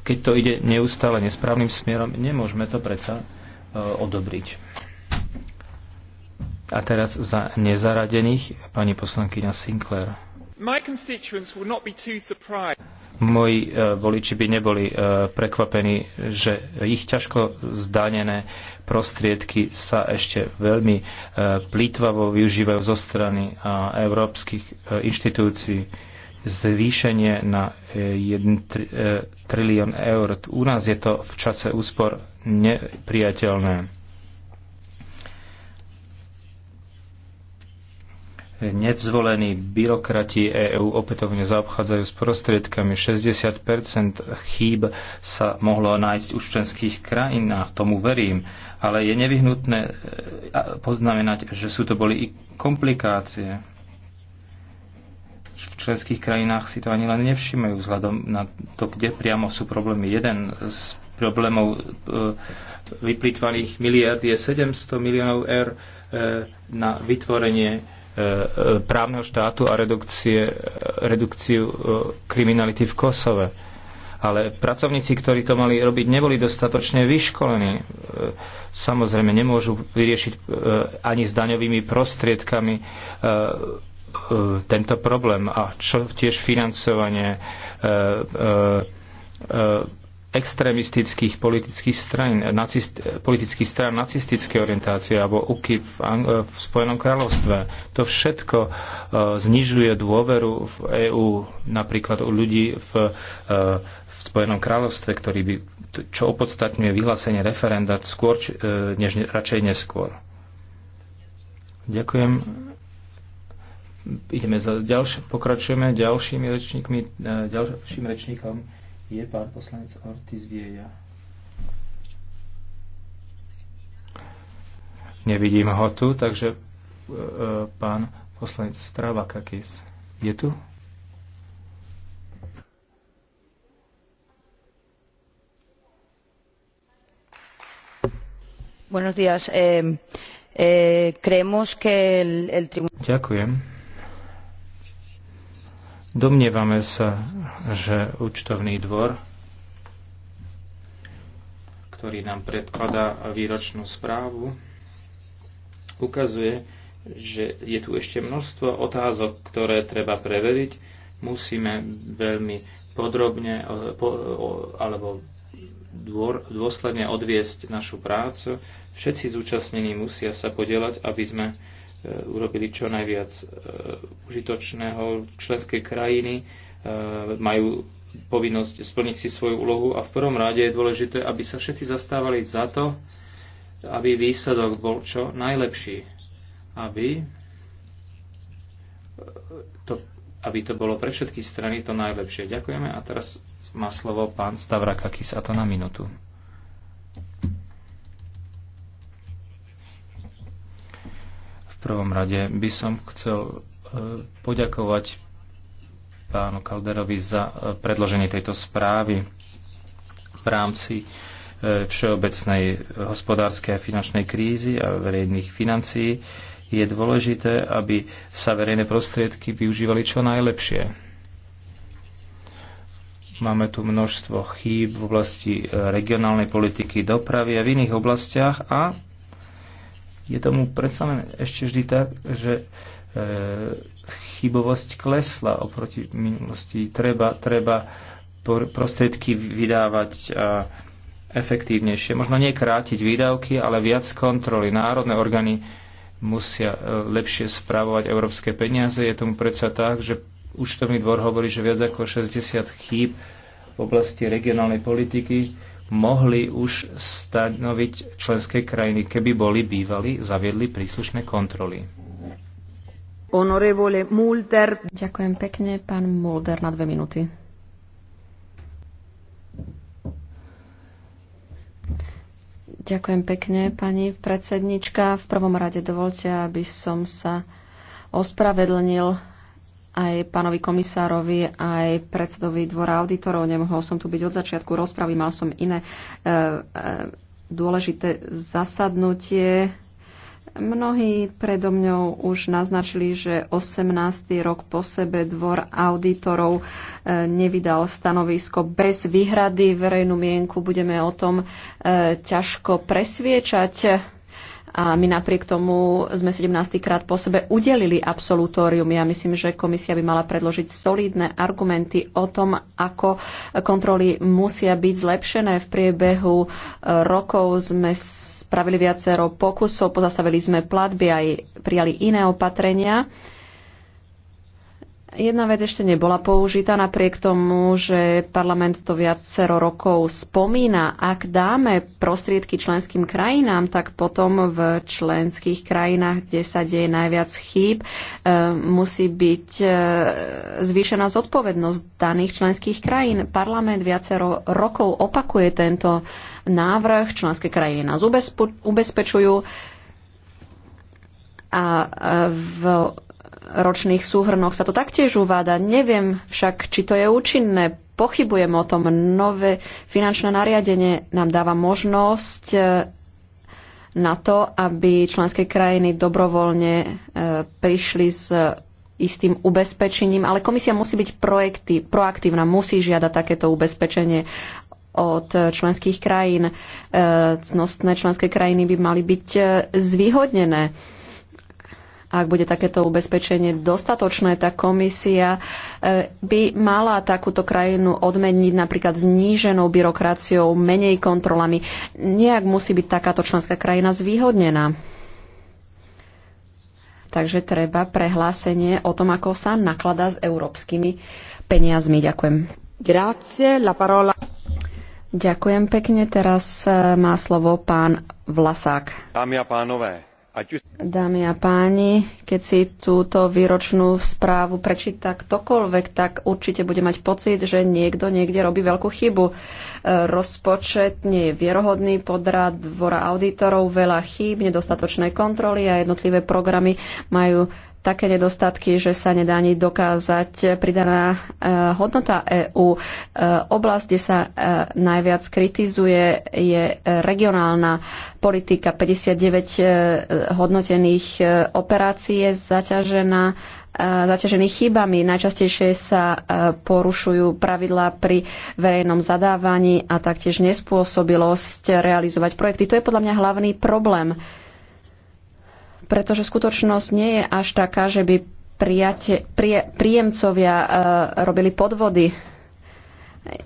keď to ide neustále nesprávnym smerom, nemôžeme to predsa e, odobriť. A teraz za nezaradených pani poslankyňa Sinclair. Moji e, voliči by neboli e, prekvapení, že ich ťažko zdanené prostriedky sa ešte veľmi plýtvavo využívajú zo strany európskych inštitúcií. Zvýšenie na 1 trilión eur. U nás je to v čase úspor nepriateľné. Nevzvolení byrokrati EÚ opätovne zaobchádzajú s prostriedkami. 60 chýb sa mohlo nájsť už v členských krajinách, tomu verím. Ale je nevyhnutné e, poznamenať, že sú to boli i komplikácie v členských krajinách si to ani len nevšimajú vzhľadom na to, kde priamo sú problémy. Jeden z problémov e, vyplýtvaných miliard je 700 miliónov eur e, na vytvorenie e, právneho štátu a redukcie, redukciu kriminality v Kosove. Ale pracovníci, ktorí to mali robiť, neboli dostatočne vyškolení. Samozrejme, nemôžu vyriešiť ani s daňovými prostriedkami E, tento problém a čo tiež financovanie e, e, extrémistických politických strán, politických strán nacistické orientácie alebo UKIP v, v Spojenom kráľovstve. To všetko uh, znižuje dôveru v EÚ, napríklad u ľudí v, uh, v Spojenom kráľovstve, ktorí by, čo opodstatňuje vyhlásenie referenda skôr, či, uh, než, radšej neskôr. Ďakujem ideme za ďalš- pokračujeme ďalšími rečníkmi, e, ďalším rečníkom je pán poslanec Ortiz Vieja. Nevidím ho tu, takže e, e, pán poslanec Strava Kakis je tu? Buenos días. Eh, eh, creemos que el, el tribunal. Ďakujem Domnievame sa, že účtovný dvor, ktorý nám predkladá výročnú správu, ukazuje, že je tu ešte množstvo otázok, ktoré treba preveriť. Musíme veľmi podrobne eh, alebo dôsledne odviesť našu prácu. Všetci zúčastnení musia sa podielať, aby sme E, urobili čo najviac e, užitočného členskej krajiny, e, majú povinnosť splniť si svoju úlohu a v prvom rade je dôležité, aby sa všetci zastávali za to, aby výsledok bol čo najlepší, aby to, aby to bolo pre všetky strany to najlepšie. Ďakujeme a teraz má slovo pán Stavrakakis a to na minútu. prvom rade by som chcel e, poďakovať pánu Kalderovi za e, predloženie tejto správy v rámci e, všeobecnej hospodárskej a finančnej krízy a verejných financií je dôležité, aby sa verejné prostriedky využívali čo najlepšie. Máme tu množstvo chýb v oblasti regionálnej politiky, dopravy a v iných oblastiach a je tomu predsa len ešte vždy tak, že e, chybovosť klesla oproti minulosti. Treba, treba prostriedky vydávať e, efektívnejšie. Možno nie krátiť výdavky, ale viac kontroly. Národné orgány musia e, lepšie spravovať európske peniaze. Je tomu predsa tak, že účtovný dvor hovorí, že viac ako 60 chýb v oblasti regionálnej politiky mohli už stanoviť členské krajiny, keby boli bývali, zaviedli príslušné kontroly. Honorevole Mulder. Ďakujem pekne, pán Mulder, na dve minúty. Ďakujem pekne, pani predsednička. V prvom rade dovolte, aby som sa ospravedlnil aj pánovi komisárovi, aj predsedovi dvora auditorov. Nemohol som tu byť od začiatku rozpravy, mal som iné e, e, dôležité zasadnutie. Mnohí predo mňou už naznačili, že 18. rok po sebe dvor auditorov e, nevydal stanovisko bez výhrady. Verejnú mienku budeme o tom e, ťažko presviečať a my napriek tomu sme 17. krát po sebe udelili absolutórium. Ja myslím, že komisia by mala predložiť solidné argumenty o tom, ako kontroly musia byť zlepšené. V priebehu e, rokov sme spravili viacero pokusov, pozastavili sme platby aj prijali iné opatrenia. Jedna vec ešte nebola použitá, napriek tomu, že parlament to viacero rokov spomína. Ak dáme prostriedky členským krajinám, tak potom v členských krajinách, kde sa deje najviac chýb, e, musí byť e, zvýšená zodpovednosť daných členských krajín. Parlament viacero rokov opakuje tento návrh, členské krajiny nás ubezpečujú a e, v ročných súhrnoch sa to taktiež uváda. Neviem však, či to je účinné. Pochybujem o tom. Nové finančné nariadenie nám dáva možnosť e, na to, aby členské krajiny dobrovoľne e, prišli s istým ubezpečením, ale komisia musí byť projekty, proaktívna, musí žiadať takéto ubezpečenie od členských krajín. E, cnostné členské krajiny by mali byť zvýhodnené ak bude takéto ubezpečenie dostatočné, tak komisia e, by mala takúto krajinu odmeniť napríklad zníženou byrokraciou, menej kontrolami. Nejak musí byť takáto členská krajina zvýhodnená. Takže treba prehlásenie o tom, ako sa naklada s európskymi peniazmi. Ďakujem. Grazie, la parola. Ďakujem pekne. Teraz e, má slovo pán Vlasák. Dámy a pánové, Dámy a páni, keď si túto výročnú správu prečíta ktokoľvek, tak určite bude mať pocit, že niekto niekde robí veľkú chybu. E, rozpočet nie je vierohodný, podrad dvora auditorov, veľa chýb, nedostatočné kontroly a jednotlivé programy majú také nedostatky, že sa nedá ani dokázať pridaná eh, hodnota EÚ. Eh, Oblasť, kde sa eh, najviac kritizuje, je regionálna politika. 59 hodnotených operácií je zaťažená zaťažení chybami. Najčastejšie sa porušujú pravidlá pri verejnom zadávaní a taktiež nespôsobilosť realizovať projekty. To je podľa mňa hlavný problém pretože skutočnosť nie je až taká, že by prijate, prie, príjemcovia e, robili podvody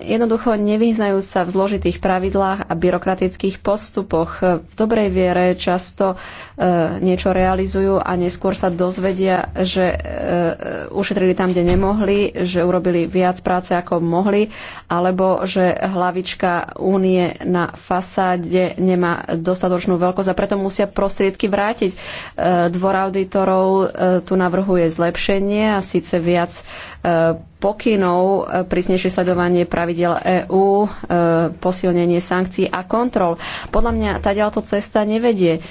jednoducho nevyznajú sa v zložitých pravidlách a byrokratických postupoch. V dobrej viere často e, niečo realizujú a neskôr sa dozvedia, že e, ušetrili tam, kde nemohli, že urobili viac práce, ako mohli, alebo že hlavička únie na fasáde nemá dostatočnú veľkosť a preto musia prostriedky vrátiť. E, dvor auditorov tu navrhuje zlepšenie a síce viac pokynov, e, prísnejšie sledovanie pravidel EÚ, e, posilnenie sankcií a kontrol. Podľa mňa tá ďalto cesta nevedie.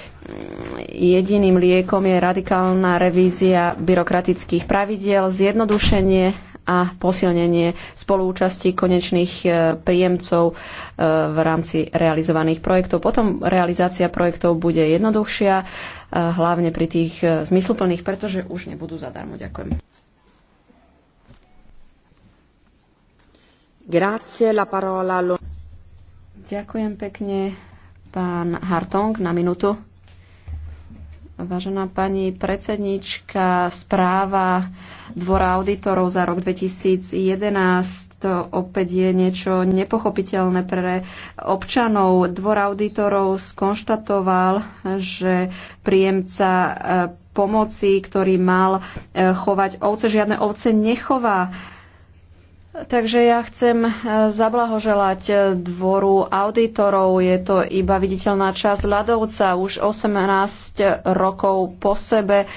Jediným liekom je radikálna revízia byrokratických pravidiel, zjednodušenie a posilnenie spolúčasti konečných e, príjemcov v rámci realizovaných projektov. Potom realizácia projektov bude jednoduchšia, hlavne pri tých zmysluplných, pretože už nebudú zadarmo. Ďakujem. Ďakujem pekne, pán Hartong, na minútu. Vážená pani predsednička, správa Dvora auditorov za rok 2011 to opäť je niečo nepochopiteľné pre občanov. Dvor auditorov skonštatoval, že príjemca eh, pomoci, ktorý mal eh, chovať ovce, žiadne ovce nechová Takže ja chcem e, zablahoželať e, dvoru auditorov. Je to iba viditeľná časť ľadovca. Už 18 rokov po sebe e,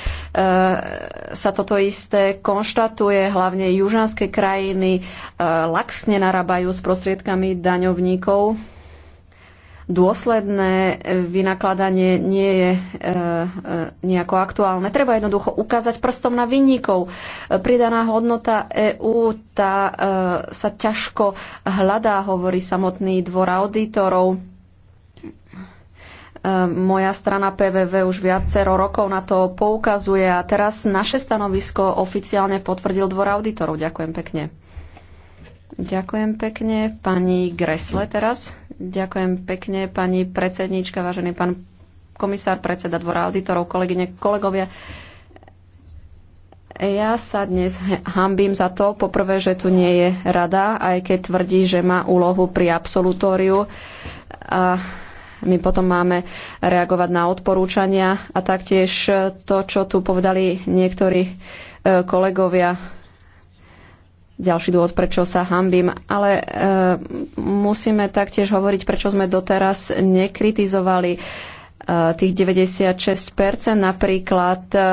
sa toto isté konštatuje. Hlavne južanské krajiny laxne narábajú s prostriedkami daňovníkov dôsledné e, vynakladanie nie je e, e, nejako aktuálne. Treba jednoducho ukázať prstom na vinníkov. Pridaná hodnota EÚ tá sa ťažko hľadá, hovorí samotný dvor auditorov. Moja strana PVV už viacero rokov na to poukazuje a teraz naše stanovisko oficiálne potvrdil dvor auditorov. Ďakujem pekne. Ďakujem pekne. Pani Gresle teraz. Ďakujem pekne, pani predsednička, vážený pán komisár, predseda dvora auditorov, kolegyne, kolegovia. Ja sa dnes hambím za to, poprvé, že tu nie je rada, aj keď tvrdí, že má úlohu pri absolutóriu. A my potom máme reagovať na odporúčania a taktiež to, čo tu povedali niektorí e, kolegovia ďalší dôvod, prečo sa hambím, ale e, musíme taktiež hovoriť, prečo sme doteraz nekritizovali e, tých 96% napríklad e,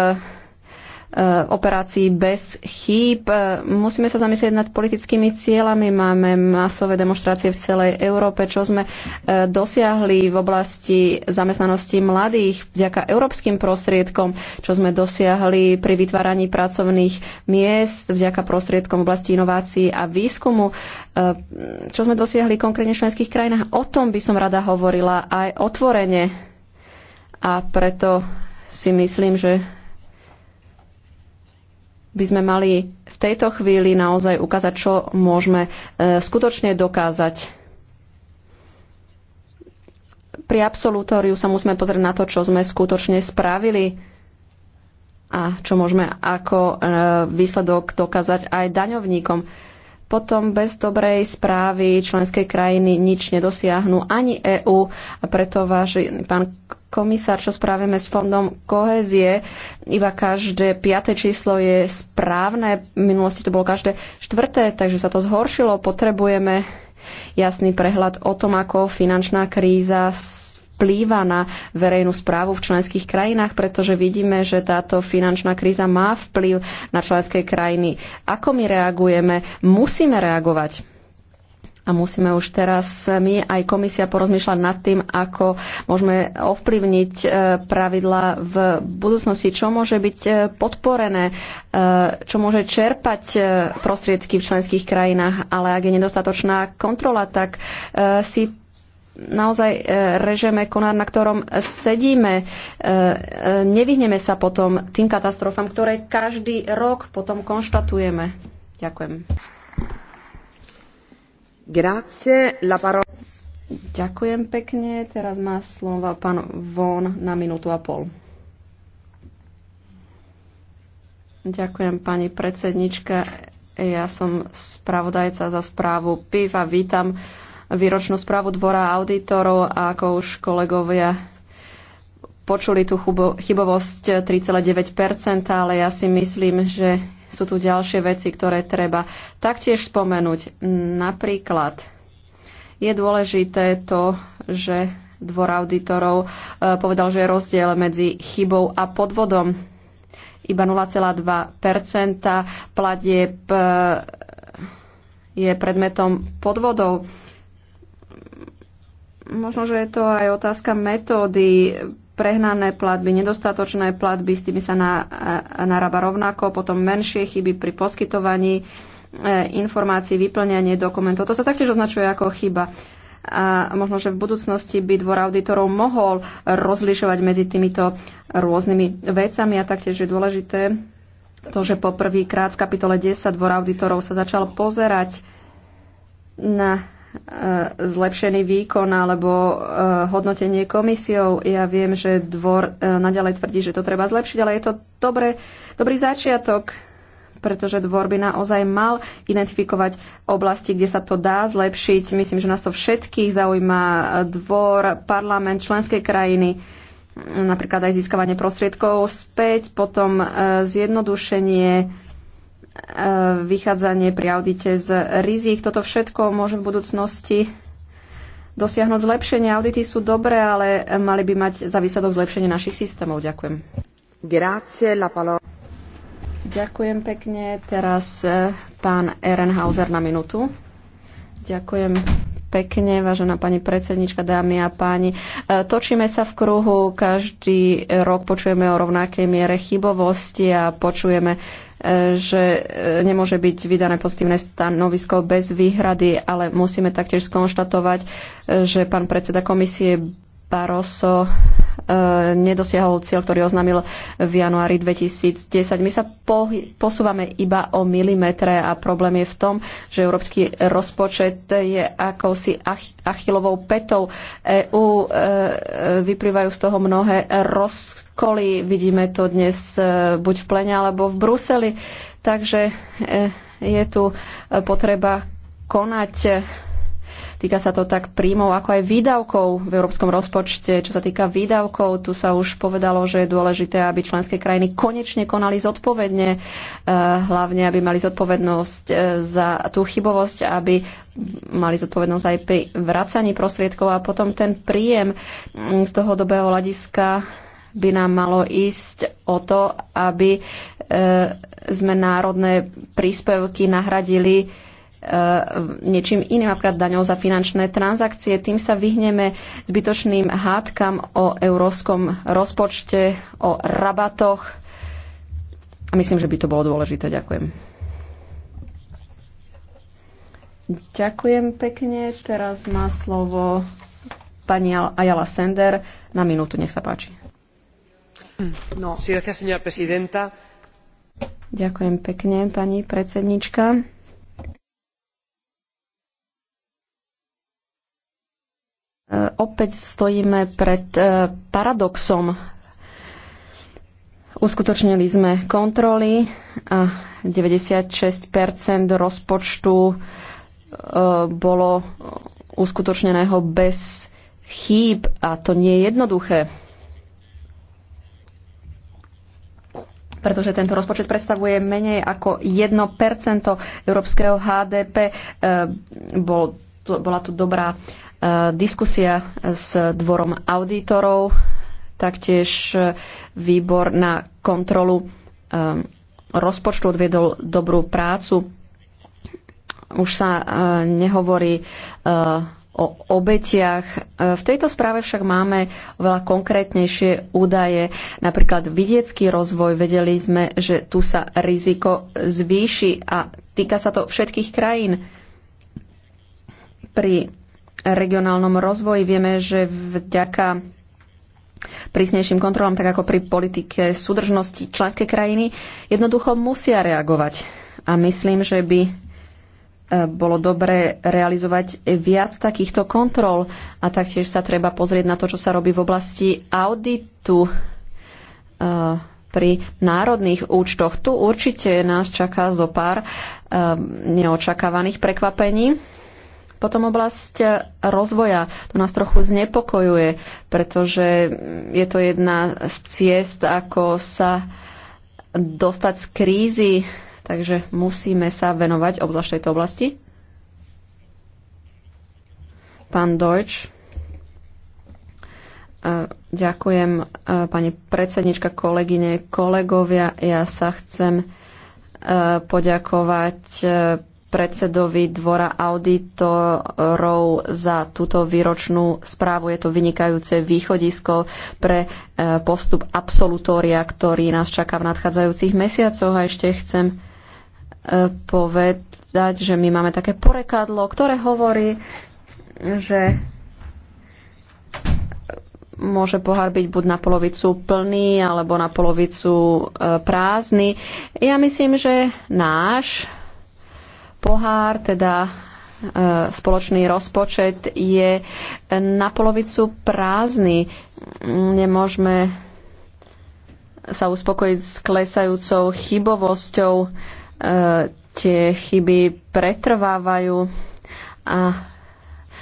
Eh, operácií bez chýb. Eh, musíme sa zamyslieť nad politickými cieľami. Máme masové demonstrácie v celej Európe, čo sme eh, dosiahli v oblasti zamestnanosti mladých vďaka európskym prostriedkom, čo sme dosiahli pri vytváraní pracovných miest vďaka prostriedkom v oblasti inovácií a výskumu, čo sme dosiahli konkrétne v členských krajinách. O tom by som rada hovorila aj otvorene. A preto si myslím, že by sme mali v tejto chvíli naozaj ukázať, čo môžeme e, skutočne dokázať. Pri absolutóriu sa musíme pozrieť na to, čo sme skutočne spravili a čo môžeme ako e, výsledok dokázať aj daňovníkom potom bez dobrej správy členskej krajiny nič nedosiahnu ani EÚ a preto váš pán komisár, čo spravíme s fondom kohezie, iba každé piaté číslo je správne. V minulosti to bolo každé štvrté, takže sa to zhoršilo. Potrebujeme jasný prehľad o tom, ako finančná kríza vplýva na verejnú správu v členských krajinách, pretože vidíme, že táto finančná kríza má vplyv na členské krajiny. Ako my reagujeme? Musíme reagovať. A musíme už teraz my aj komisia porozmýšľať nad tým, ako môžeme ovplyvniť e, pravidla v budúcnosti, čo môže byť e, podporené, e, čo môže čerpať prostriedky v členských krajinách, ale ak je nedostatočná kontrola, tak si naozaj e, režeme konár, na ktorom sedíme. E, e, nevyhneme sa potom tým katastrofám, ktoré každý rok potom konštatujeme. Ďakujem. Grazie, la parola. Ďakujem pekne. Teraz má slova pán Von na minútu a pol. Ďakujem pani predsednička. Ja som spravodajca za správu PIV a vítam uh, výročnú správu dvora auditorov a ako už kolegovia počuli tú chybovosť 3,9%, ale ja si myslím, že sú tu ďalšie veci, ktoré treba taktiež spomenúť. Napríklad je dôležité to, že dvor auditorov e, povedal, že je rozdiel medzi chybou a podvodom. Iba 0,2% platieb e, je predmetom podvodov Možno, že je to aj otázka metódy prehnané platby, nedostatočné platby, s tými sa na, narába rovnako, potom menšie chyby pri poskytovaní e, informácií, vyplňanie dokumentov. To sa taktiež označuje ako chyba. A možno, že v budúcnosti by dvor auditorov mohol rozlišovať medzi týmito rôznymi vecami a taktiež je dôležité to, že poprvýkrát v kapitole 10 dvor auditorov sa začal pozerať na E, zlepšený výkon alebo e, hodnotenie komisiou. Ja viem, že dvor e, naďalej tvrdí, že to treba zlepšiť, ale je to dobré, dobrý začiatok, pretože dvor by naozaj mal identifikovať oblasti, kde sa to dá zlepšiť. Myslím, že nás to všetkých zaujíma dvor, parlament, členské krajiny napríklad aj získavanie prostriedkov späť, potom zjednodušenie E, vychádzanie pri audite z rizik. Toto všetko môže v budúcnosti dosiahnuť zlepšenie. Audity sú dobré, ale mali by mať za výsledok zlepšenie našich systémov. Ďakujem. Grazie la palo- Ďakujem pekne. Teraz e, pán Ehrenhauser na minútu. Ďakujem pekne, vážená pani predsednička, dámy a páni. E, točíme sa v kruhu, každý rok počujeme o rovnakej miere chybovosti a počujeme E, že e, nemôže byť vydané pozitívne stanovisko bez výhrady, ale musíme taktiež skonštatovať, e, že pán predseda komisie Barroso e, nedosiahol cieľ, ktorý oznámil v januári 2010. My sa posúvame iba o milimetre a problém je v tom, že európsky rozpočet je akousi achilovou petou. EU e, vyplývajú z toho mnohé rozkoly. Vidíme to dnes e, buď v plene alebo v Bruseli. Takže je tu potreba konať Týka sa to tak príjmov, ako aj výdavkov v európskom rozpočte. Čo sa týka výdavkov, tu sa už povedalo, že je dôležité, aby členské krajiny konečne konali zodpovedne, eh, hlavne aby mali zodpovednosť eh, za tú chybovosť, aby mali zodpovednosť aj pri vracaní prostriedkov a potom ten príjem mm, z toho dobého hľadiska by nám malo ísť o to, aby eh, sme národné príspevky nahradili E, niečím iným, napríklad daňou za finančné transakcie. Tým sa vyhneme zbytočným hádkam o európskom rozpočte, o rabatoch. A myslím, že by to bolo dôležité. Ďakujem. Ďakujem pekne. Teraz má slovo pani Ayala Sender. Na minútu, nech sa páči. No. Ďakujem pekne, pani predsednička. E, opäť stojíme pred e, paradoxom. Uskutočnili sme kontroly a 96 rozpočtu e, bolo uskutočneného bez chýb a to nie je jednoduché. pretože tento rozpočet predstavuje menej ako 1% európskeho HDP. Bol, to, bola tu dobrá diskusia s dvorom auditorov, taktiež výbor na kontrolu ehm, rozpočtu odviedol dobrú prácu. Už sa eh, nehovorí eh, o obetiach. Eh, v tejto správe však máme veľa konkrétnejšie údaje. Napríklad vidiecký rozvoj. Vedeli sme, že tu sa riziko zvýši a týka sa to všetkých krajín. Pri regionálnom rozvoji. Vieme, že vďaka prísnejším kontrolám, tak ako pri politike súdržnosti členské krajiny, jednoducho musia reagovať. A myslím, že by e, bolo dobre realizovať viac takýchto kontrol a taktiež sa treba pozrieť na to, čo sa robí v oblasti auditu e, pri národných účtoch. Tu určite nás čaká zo pár e, neočakávaných prekvapení potom oblasť rozvoja. To nás trochu znepokojuje, pretože je to jedna z ciest, ako sa dostať z krízy, takže musíme sa venovať obzvlášť tejto oblasti. Pán Deutsch. E, ďakujem, e, pani predsednička, kolegyne, kolegovia. Ja sa chcem e, poďakovať predsedovi Dvora auditorov za túto výročnú správu. Je to vynikajúce východisko pre e, postup absolutória, ktorý nás čaká v nadchádzajúcich mesiacoch. A ešte chcem e, povedať, že my máme také porekadlo, ktoré hovorí, že môže pohár byť buď na polovicu plný alebo na polovicu e, prázdny. Ja myslím, že náš pohár, teda e, spoločný rozpočet je na polovicu prázdny. Nemôžeme sa uspokojiť s klesajúcou chybovosťou. E, tie chyby pretrvávajú a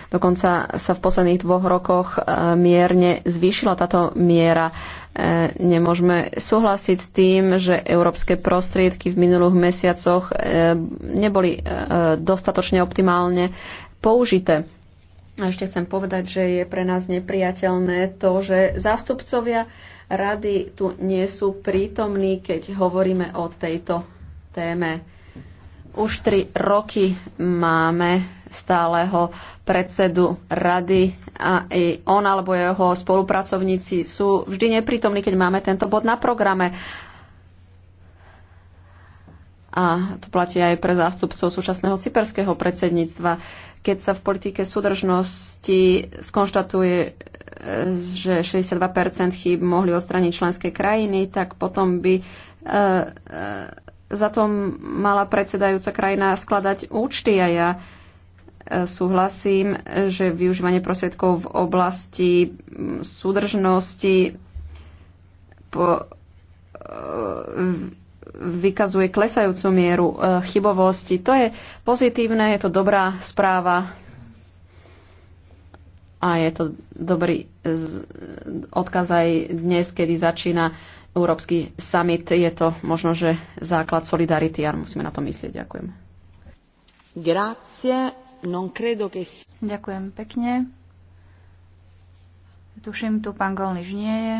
Dokonca sa v posledných dvoch rokoch e, mierne zvýšila táto miera. E, nemôžeme súhlasiť s tým, že európske prostriedky v minulých mesiacoch e, neboli dostatočne optimálne použité. A ešte chcem povedať, že je pre nás nepriateľné to, že zástupcovia rady tu nie sú prítomní, keď hovoríme o tejto téme. Už tri roky máme stáleho predsedu rady a i on alebo jeho spolupracovníci sú vždy neprítomní, keď máme tento bod na programe. A to platí aj pre zástupcov súčasného cyperského predsedníctva. Keď sa v politike súdržnosti skonštatuje, e, že 62 chýb mohli odstraniť členské krajiny, tak potom by e, e, za to mala predsedajúca krajina skladať účty a ja e, súhlasím, že využívanie prosvedkov v oblasti súdržnosti po, e, vykazuje klesajúcu mieru e, chybovosti. To je pozitívne, je to dobrá správa a je to dobrý odkaz aj dnes, kedy začína Európsky summit je to možno, že základ solidarity a musíme na to myslieť. Ďakujem. Grazie. Non credo che... Ďakujem pekne. Tuším, tu pán Golniž nie je.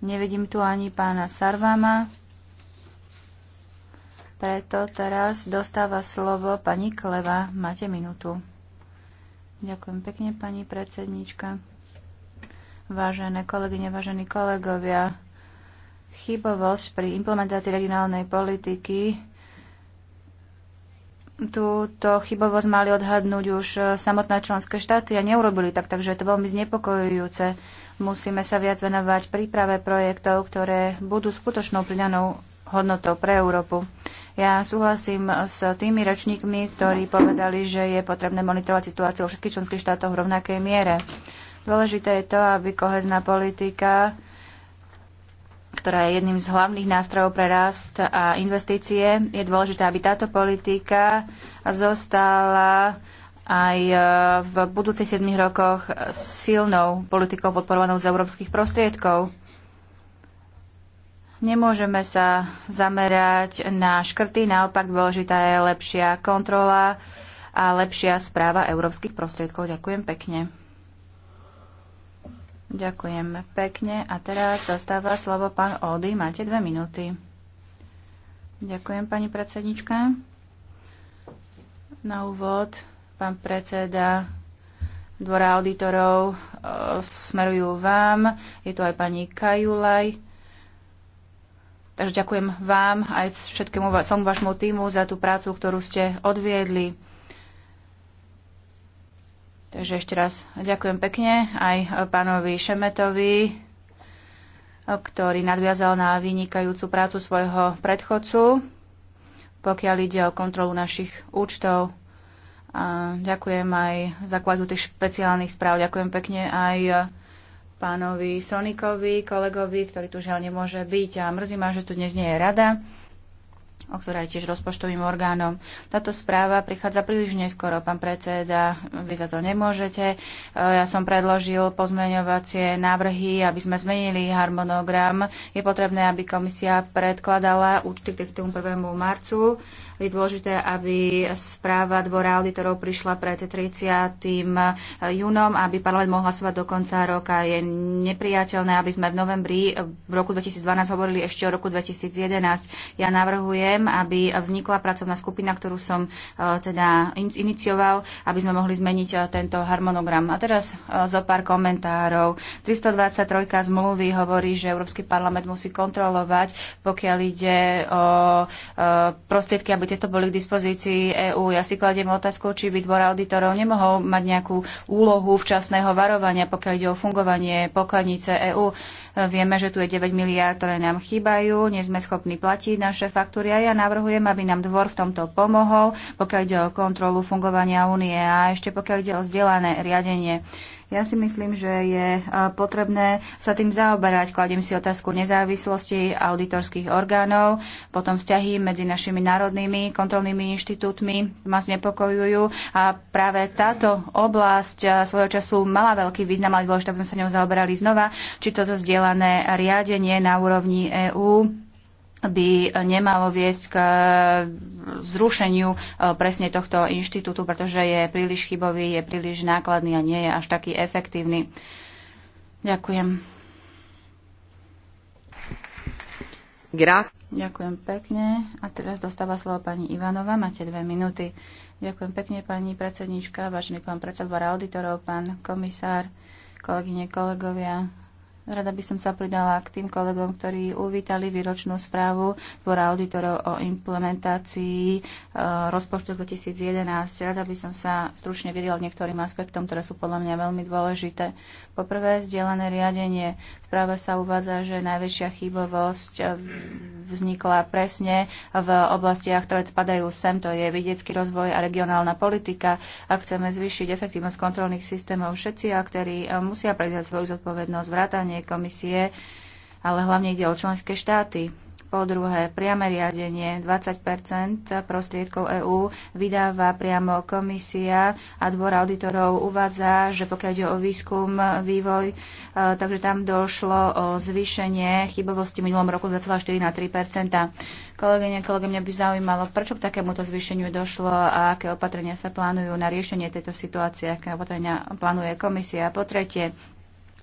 Nevidím tu ani pána Sarvama. Preto teraz dostáva slovo pani Kleva. Máte minútu. Ďakujem pekne, pani predsednička. Vážené kolegyne, vážení kolegovia, chybovosť pri implementácii regionálnej politiky. Túto chybovosť mali odhadnúť už samotné členské štáty a neurobili tak, takže je to veľmi znepokojujúce. Musíme sa viac venovať príprave projektov, ktoré budú skutočnou pridanou hodnotou pre Európu. Ja súhlasím s tými rečníkmi, ktorí povedali, že je potrebné monitorovať situáciu vo všetkých členských štátoch v rovnakej miere. Dôležité je to, aby kohezná politika, ktorá je jedným z hlavných nástrojov pre rast a investície, je dôležité, aby táto politika zostala aj e, v budúcich 7 rokoch silnou politikou podporovanou z európskych prostriedkov. Nemôžeme sa zamerať na škrty, naopak dôležitá je lepšia kontrola a lepšia správa európskych prostriedkov. Ďakujem pekne. Ďakujem pekne. A teraz dostáva slovo pán Ody. Máte dve minúty. Ďakujem, pani predsednička. Na úvod pán predseda dvora auditorov e, smerujú vám. Je tu aj pani Kajulaj. Takže ďakujem vám aj všetkému vašmu týmu za tú prácu, ktorú ste odviedli. Takže ešte raz ďakujem pekne aj pánovi Šemetovi, ktorý nadviazal na vynikajúcu prácu svojho predchodcu, pokiaľ ide o kontrolu našich účtov. A ďakujem aj za kvalitu tých špeciálnych správ. Ďakujem pekne aj pánovi Sonikovi, kolegovi, ktorý tu žiaľ nemôže byť a mrzí ma, že tu dnes nie je rada o ktorá je tiež rozpočtovým orgánom. Táto správa prichádza príliš neskoro, pán predseda, vy za to nemôžete. E, ja som predložil pozmeňovacie návrhy, aby sme zmenili harmonogram. Je potrebné, aby komisia predkladala účty k 31. marcu je dôležité, aby správa dvora auditorov prišla pred 30. Eh, júnom, aby parlament mohol hlasovať do konca roka. Je nepriateľné, aby sme v novembri v roku 2012 hovorili ešte o roku 2011. Ja navrhujem, aby vznikla pracovná skupina, ktorú som eh, teda inicioval, aby sme mohli zmeniť eh, tento harmonogram. A teraz zo pár komentárov. 323 zmluvy hovorí, že Európsky parlament musí kontrolovať, pokiaľ ide o prostriedky, aby tieto boli k dispozícii EÚ. Ja si kladiem otázku, či by dvor auditorov nemohol mať nejakú úlohu včasného varovania, pokiaľ ide o fungovanie pokladnice EÚ. Vieme, že tu je 9 miliárd, ktoré nám chýbajú, nie sme schopní platiť naše faktúry a ja navrhujem, aby nám dvor v tomto pomohol, pokiaľ ide o kontrolu fungovania únie a ešte pokiaľ ide o vzdelané riadenie. Ja si myslím, že je e, potrebné sa tým zaoberať. Kladiem si otázku nezávislosti auditorských orgánov, potom vzťahy medzi našimi národnými kontrolnými inštitútmi ma znepokojujú a práve táto oblasť e, svojho času mala veľký význam, ale dôležité, aby sme sa ňou zaoberali znova, či toto zdieľané riadenie na úrovni EÚ by nemalo viesť k eh, zrušeniu eh, presne tohto inštitútu, pretože je príliš chybový, je príliš nákladný a nie je až taký efektívny. Ďakujem. Gra. Ďakujem pekne. A teraz dostáva slovo pani Ivanova. Máte dve minúty. Ďakujem pekne, pani predsednička, vážený pán predseda auditorov, pán komisár, kolegyne, kolegovia. Rada by som sa pridala k tým kolegom, ktorí uvítali výročnú správu Dvora auditorov o implementácii e, rozpočtu 2011. Rada by som sa stručne vydala niektorým aspektom, ktoré sú podľa mňa veľmi dôležité. Poprvé, zdieľané riadenie správe sa uvádza, že najväčšia chybovosť eh, vznikla presne v oblastiach, ktoré spadajú sem, to je vidiecký rozvoj a regionálna politika. Ak chceme zvýšiť efektívnosť kontrolných systémov, všetci aktéry eh, musia prevziať svoju zodpovednosť, vrátanie komisie, ale hlavne ide o členské štáty. Po druhé, priame riadenie 20 prostriedkov EÚ vydáva priamo komisia a dvor auditorov uvádza, že pokiaľ ide o výskum, vývoj, e, takže tam došlo o zvýšenie chybovosti minulom roku 2,4 na 3 Kolegyne, kolege, mňa by zaujímalo, prečo k takémuto zvýšeniu došlo a aké opatrenia sa plánujú na riešenie tejto situácie, aké opatrenia plánuje komisia. Po tretie,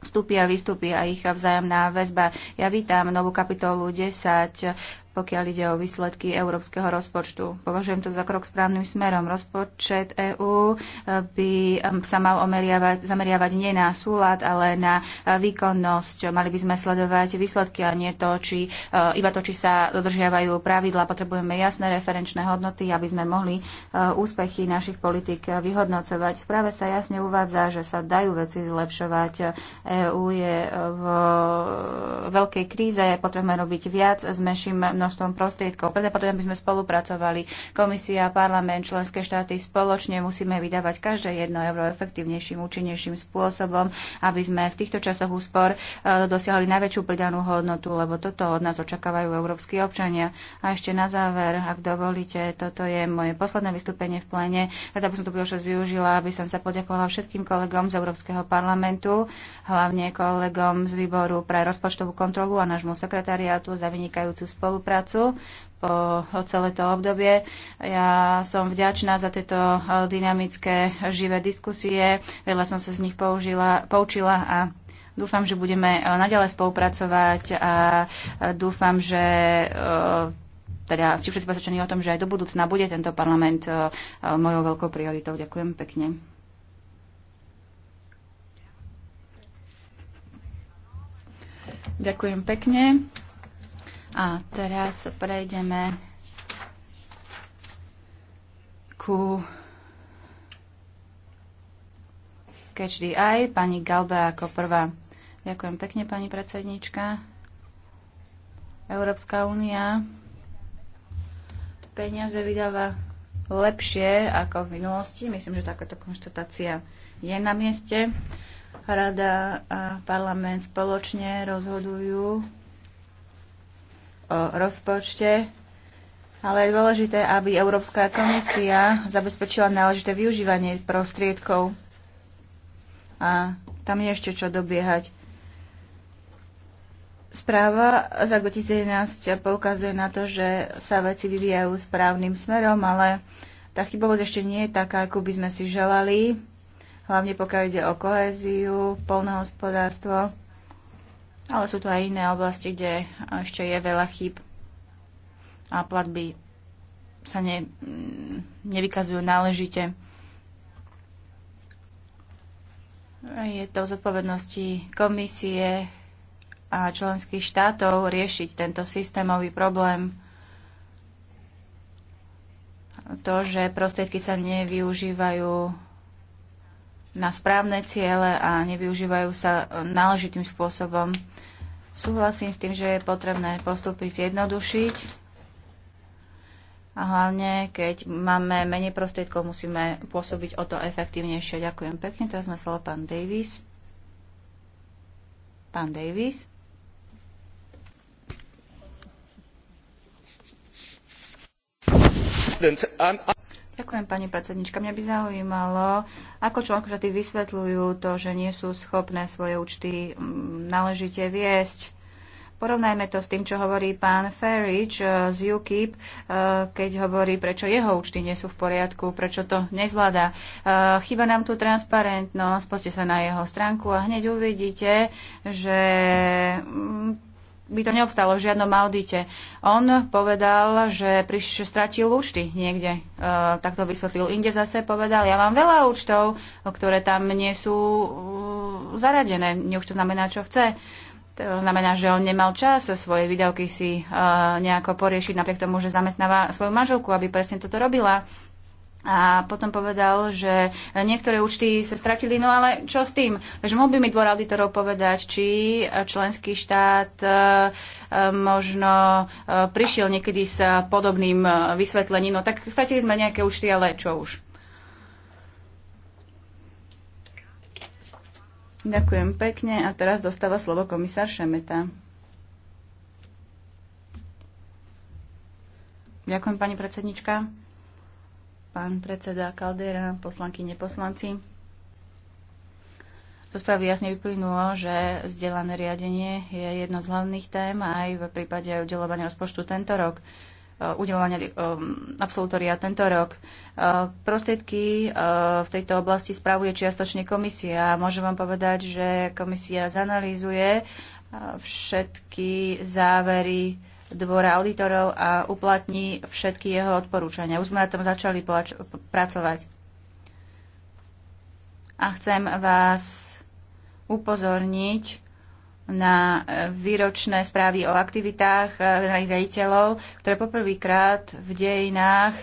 vstupy a výstupy a ich vzájomná väzba. Ja vítam novú kapitolu 10 pokiaľ ide o výsledky európskeho rozpočtu. Považujem to za krok správnym smerom. Rozpočet EÚ e, by e, sa mal omeriavať, zameriavať nie na súlad, ale na e, výkonnosť. Mali by sme sledovať výsledky a nie to, či, iba to, či sa dodržiavajú pravidla. Potrebujeme jasné referenčné hodnoty, aby sme mohli úspechy našich politik vyhodnocovať. V správe sa jasne uvádza, že sa dajú veci zlepšovať. EÚ je v veľkej kríze, potrebujeme robiť viac s menším množstvom množstvom prostriedkov. Preto potom, aby sme spolupracovali. Komisia, parlament, členské štáty spoločne musíme vydávať každé jedno euro efektívnejším, účinnejším spôsobom, aby sme v týchto časoch úspor e, dosiahli najväčšiu pridanú hodnotu, lebo toto od nás očakávajú európsky občania. A ešte na záver, ak dovolíte, toto je moje posledné vystúpenie v plene. Rada by som tu príležitosť využila, aby som sa poďakovala všetkým kolegom z Európskeho parlamentu, hlavne kolegom z výboru pre rozpočtovú kontrolu a nášmu sekretariátu za vynikajúcu spoluprácu spoluprácu po celé to obdobie. Ja som vďačná za tieto eh, dynamické živé diskusie. Veľa som sa z nich použila, poučila a dúfam, že budeme eh, naďalej spolupracovať a eh, dúfam, že teda ste všetci presvedčení o tom, že aj do budúcna bude tento parlament mojou veľkou prioritou. Ďakujem pekne. Ďakujem pekne. A teraz prejdeme ku Catch pani Galbe ako prvá. Ďakujem pekne, pani predsednička. Európska únia peniaze vydáva lepšie ako v minulosti. Myslím, že takáto konštatácia je na mieste. Rada a parlament spoločne rozhodujú o rozpočte, ale je dôležité, aby Európska komisia zabezpečila náležité využívanie prostriedkov. A tam je ešte čo dobiehať. Správa z roku 2011 poukazuje na to, že sa veci vyvíjajú správnym smerom, ale tá chybovosť ešte nie je taká, ako by sme si želali, hlavne pokiaľ ide o kohéziu, polnohospodárstvo ale sú tu aj iné oblasti, kde ešte je veľa chýb a platby sa ne, mm, nevykazujú náležite. Je to v zodpovednosti komisie a členských štátov riešiť tento systémový problém. To, že prostriedky sa nevyužívajú na správne ciele a nevyužívajú sa e, náležitým spôsobom. Súhlasím s tým, že je potrebné postupy zjednodušiť a hlavne, keď máme menej prostriedkov, musíme pôsobiť o to efektívnejšie. Ďakujem pekne. Teraz má slovo pán Davis. Pán Davis. Um, Ďakujem, pani predsednička. Mňa by zaujímalo, ako členko vysvetľujú to, že nie sú schopné svoje účty mm, náležite viesť. Porovnajme to s tým, čo hovorí pán Ferrič eh, z UKIP, eh, keď hovorí, prečo jeho účty nie sú v poriadku, prečo to nezvláda. Eh, chýba nám tu transparentnosť, poďte sa na jeho stránku a hneď uvidíte, že mm, by to neobstalo v žiadnom audite. On povedal, že priš, stratil účty niekde. E, tak to vysvetlil. Inde zase povedal, ja mám veľa účtov, ktoré tam nie sú uh, zaradené. Už to znamená, čo chce. To znamená, že on nemal čas svoje výdavky si uh, nejako poriešiť, napriek tomu, že zamestnáva svoju manželku, aby presne toto robila a potom povedal, že niektoré účty sa stratili, no ale čo s tým? Takže mohol by mi dvor auditorov povedať, či členský štát e, e, možno e, prišiel niekedy s podobným vysvetlením. No tak stratili sme nejaké účty, ale čo už? Ďakujem pekne a teraz dostáva slovo komisár Šemeta. Ďakujem, pani predsednička pán predseda Caldera, poslanky, poslanci. Zo správy jasne vyplynulo, že zdieľané riadenie je jedno z hlavných tém aj v prípade udelovania rozpočtu tento rok uh, udelovania um, absolutória tento rok. Uh, prostriedky uh, v tejto oblasti spravuje čiastočne komisia. Môžem vám povedať, že komisia zanalýzuje všetky závery dvora auditorov a uplatní všetky jeho odporúčania. Už sme na tom začali pracovať. A chcem vás upozorniť na výročné správy o aktivitách generálnych eh, riaditeľov, ktoré poprvýkrát v dejinách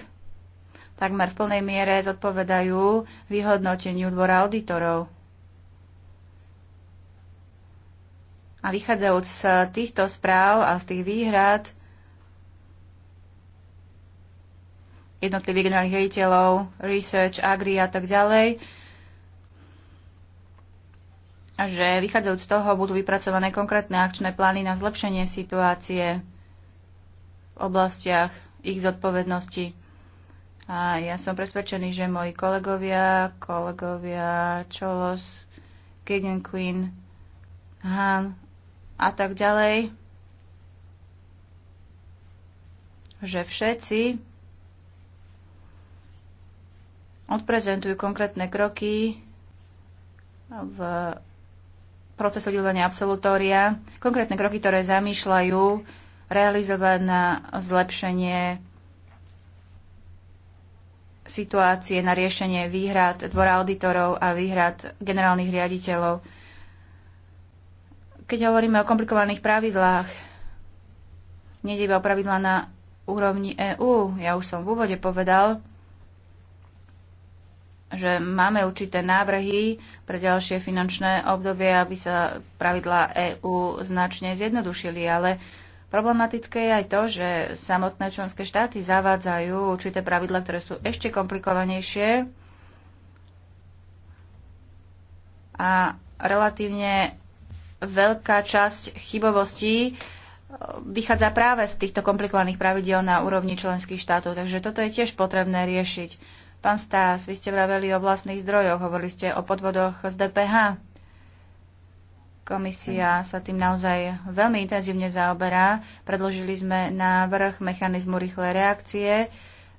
takmer v plnej miere zodpovedajú vyhodnoteniu dvora auditorov. A vychádzajúc z týchto správ a z tých výhrad jednotlivých generálnych riaditeľov, research, agri a tak ďalej, a že vychádzajúc z toho budú vypracované konkrétne akčné plány na zlepšenie situácie v oblastiach ich zodpovednosti. A ja som presvedčený, že moji kolegovia, kolegovia Čolos, Kegan Queen, Han, a tak ďalej, že všetci odprezentujú konkrétne kroky v procesu udelovania absolutória, konkrétne kroky, ktoré zamýšľajú realizovať na zlepšenie situácie, na riešenie výhrad dvora auditorov a výhrad generálnych riaditeľov keď hovoríme o komplikovaných pravidlách, nie iba o pravidlá na úrovni EÚ. Ja už som v úvode povedal, že máme určité návrhy pre ďalšie finančné obdobie, aby sa pravidlá EÚ značne zjednodušili, ale problematické je aj to, že samotné členské štáty zavádzajú určité pravidlá, ktoré sú ešte komplikovanejšie a relatívne veľká časť chybovostí eh, vychádza práve z týchto komplikovaných pravidel na úrovni členských štátov. Takže toto je tiež potrebné riešiť. Pán Stás, vy ste vraveli o vlastných zdrojoch, hovorili ste o podvodoch z DPH. Komisia sa tým naozaj veľmi intenzívne zaoberá. Predložili sme návrh mechanizmu rýchlej reakcie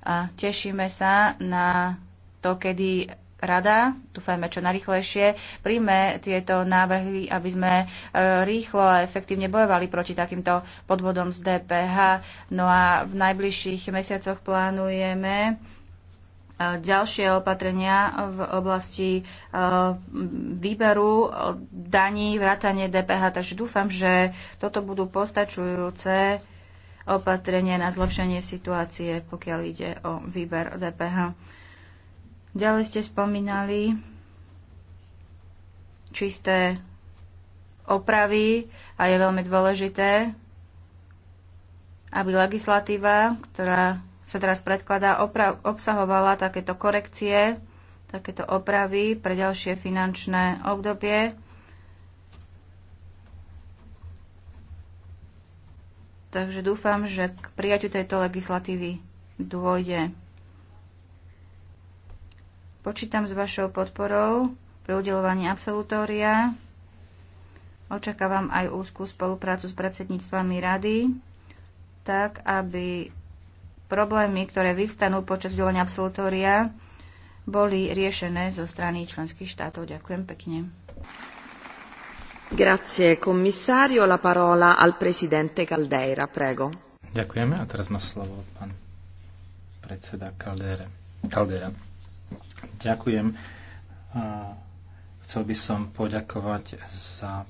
a tešíme sa na to, kedy rada, dúfajme čo najrychlejšie, príjme tieto návrhy, aby sme e, rýchlo a efektívne bojovali proti takýmto podvodom z DPH. No a v najbližších mesiacoch plánujeme e, ďalšie opatrenia v oblasti e, výberu daní, vrátanie DPH. Takže dúfam, že toto budú postačujúce opatrenie na zlepšenie situácie, pokiaľ ide o výber DPH. Ďalej ste spomínali čisté opravy a je veľmi dôležité, aby legislatíva, ktorá sa teraz predkladá, obsahovala takéto korekcie, takéto opravy pre ďalšie finančné obdobie. Takže dúfam, že k prijaťu tejto legislatívy dôjde. Počítam s vašou podporou pri udelovaní absolutória. Očakávam aj úzkú spoluprácu s predsedníctvami rady, tak aby problémy, ktoré vyvstanú počas udelovania absolutória, boli riešené zo strany členských štátov. Ďakujem pekne. Grazie, komisario. La parola al presidente Caldeira, prego. Ďakujeme a teraz má slovo pán predseda Caldeira. Caldeira. Ďakujem. Chcel by som poďakovať za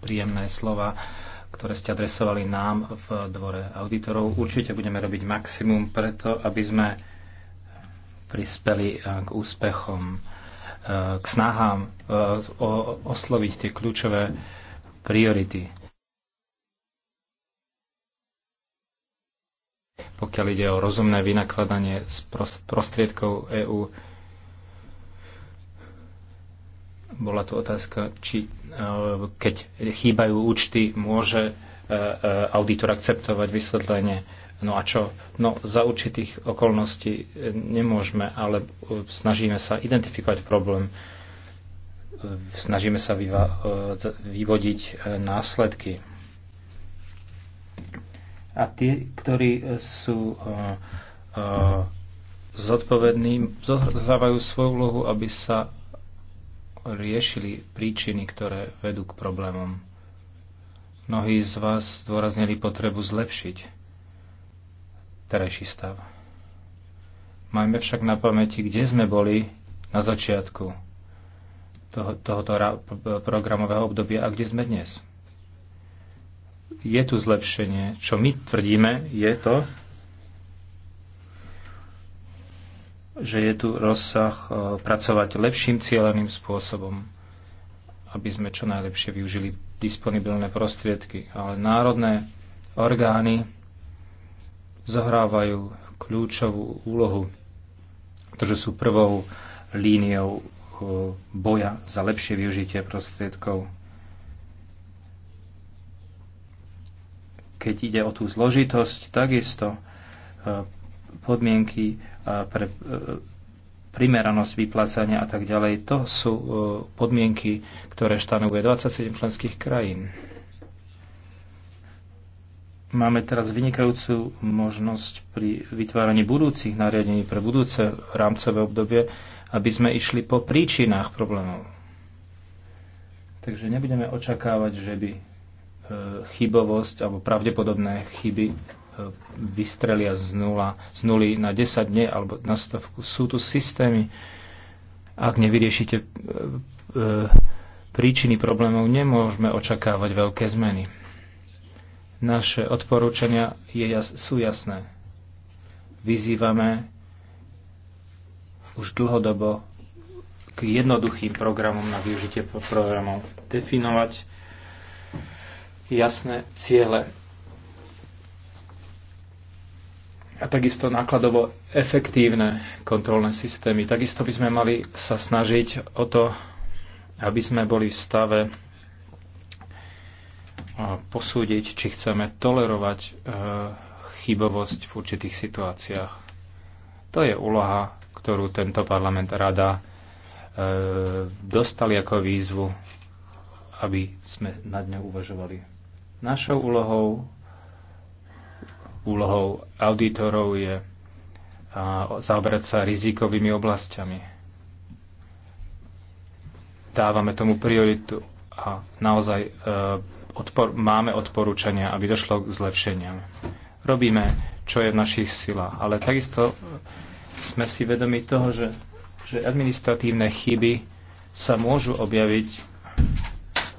príjemné slova, ktoré ste adresovali nám v dvore auditorov. Určite budeme robiť maximum preto, aby sme prispeli e, k úspechom, e, k snahám e, osloviť tie kľúčové priority pokiaľ ide o rozumné vynakladanie z prostriedkov EÚ. Bola tu otázka, či e, keď chýbajú účty, môže e, e, auditor akceptovať vysvetlenie. No a čo? No za určitých okolností nemôžeme, ale snažíme sa identifikovať problém, snažíme sa vyvodiť následky a tie, ktorí e, sú uh, uh, zodpovední, zohrávajú svoju úlohu, aby sa riešili príčiny, ktoré vedú k problémom. Mnohí z vás zdôraznili potrebu zlepšiť terajší stav. Majme však na pamäti, kde sme boli na začiatku toho, tohoto programového obdobia a kde sme dnes je tu zlepšenie. Čo my tvrdíme, je to, že je tu rozsah e, pracovať lepším cieľeným spôsobom, aby sme čo najlepšie využili disponibilné prostriedky. Ale národné orgány zohrávajú kľúčovú úlohu, pretože sú prvou líniou e, boja za lepšie využitie prostriedkov keď ide o tú zložitosť, takisto e, podmienky e, pre e, primeranosť vyplácania a tak ďalej. To sú podmienky, ktoré štanovuje 27 členských krajín. Máme teraz vynikajúcu možnosť pri vytváraní budúcich nariadení pre budúce rámcové obdobie, aby sme išli po príčinách problémov. Takže nebudeme očakávať, že by E, chybovosť alebo pravdepodobné chyby e, vystrelia z, nula, z nuly na 10 dní alebo na stavku. Sú tu systémy, ak nevyriešite e, príčiny problémov, nemôžeme očakávať veľké zmeny. Naše odporúčania je, sú jasné. Vyzývame už dlhodobo k jednoduchým programom na využitie programov. Definovať jasné ciele. A takisto nákladovo efektívne kontrolné systémy. Takisto by sme mali sa snažiť o to, aby sme boli v stave posúdiť, či chceme tolerovať chybovosť v určitých situáciách. To je úloha, ktorú tento parlament rada dostali ako výzvu, aby sme nad ňou uvažovali. Našou úlohou, úlohou auditorov je zaoberať sa rizikovými oblastiami. Dávame tomu prioritu a naozaj e, odpor, máme odporúčania, aby došlo k zlepšeniam. Robíme, čo je v našich silách, ale takisto sme si vedomi toho, že, že administratívne chyby sa môžu objaviť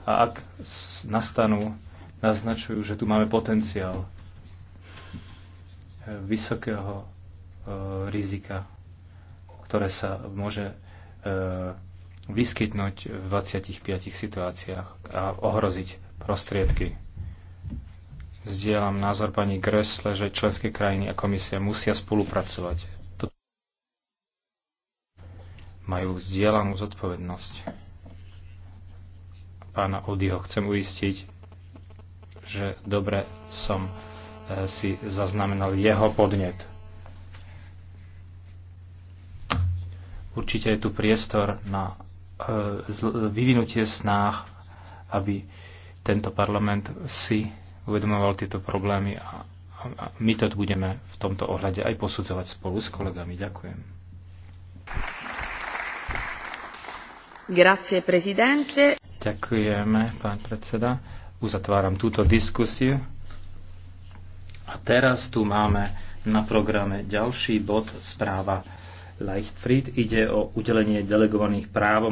a ak nastanú, naznačujú, že tu máme potenciál eh, vysokého eh, rizika, ktoré sa môže eh, vyskytnúť v 25 situáciách a ohroziť prostriedky. Zdieľam názor pani Gressle, že členské krajiny a komisia musia spolupracovať. Majú zdieľanú zodpovednosť. Pána Odyho chcem uistiť, že dobre som e, si zaznamenal jeho podnet. Určite je tu priestor na e, vyvinutie snách, aby tento parlament si uvedomoval tieto problémy a my to budeme v tomto ohľade aj posudzovať spolu s kolegami. Ďakujem. Grazie, Ďakujeme, pán predseda uzatváram túto diskusiu. A teraz tu máme na programe ďalší bod správa Leichtfried. Ide o udelenie delegovaných právom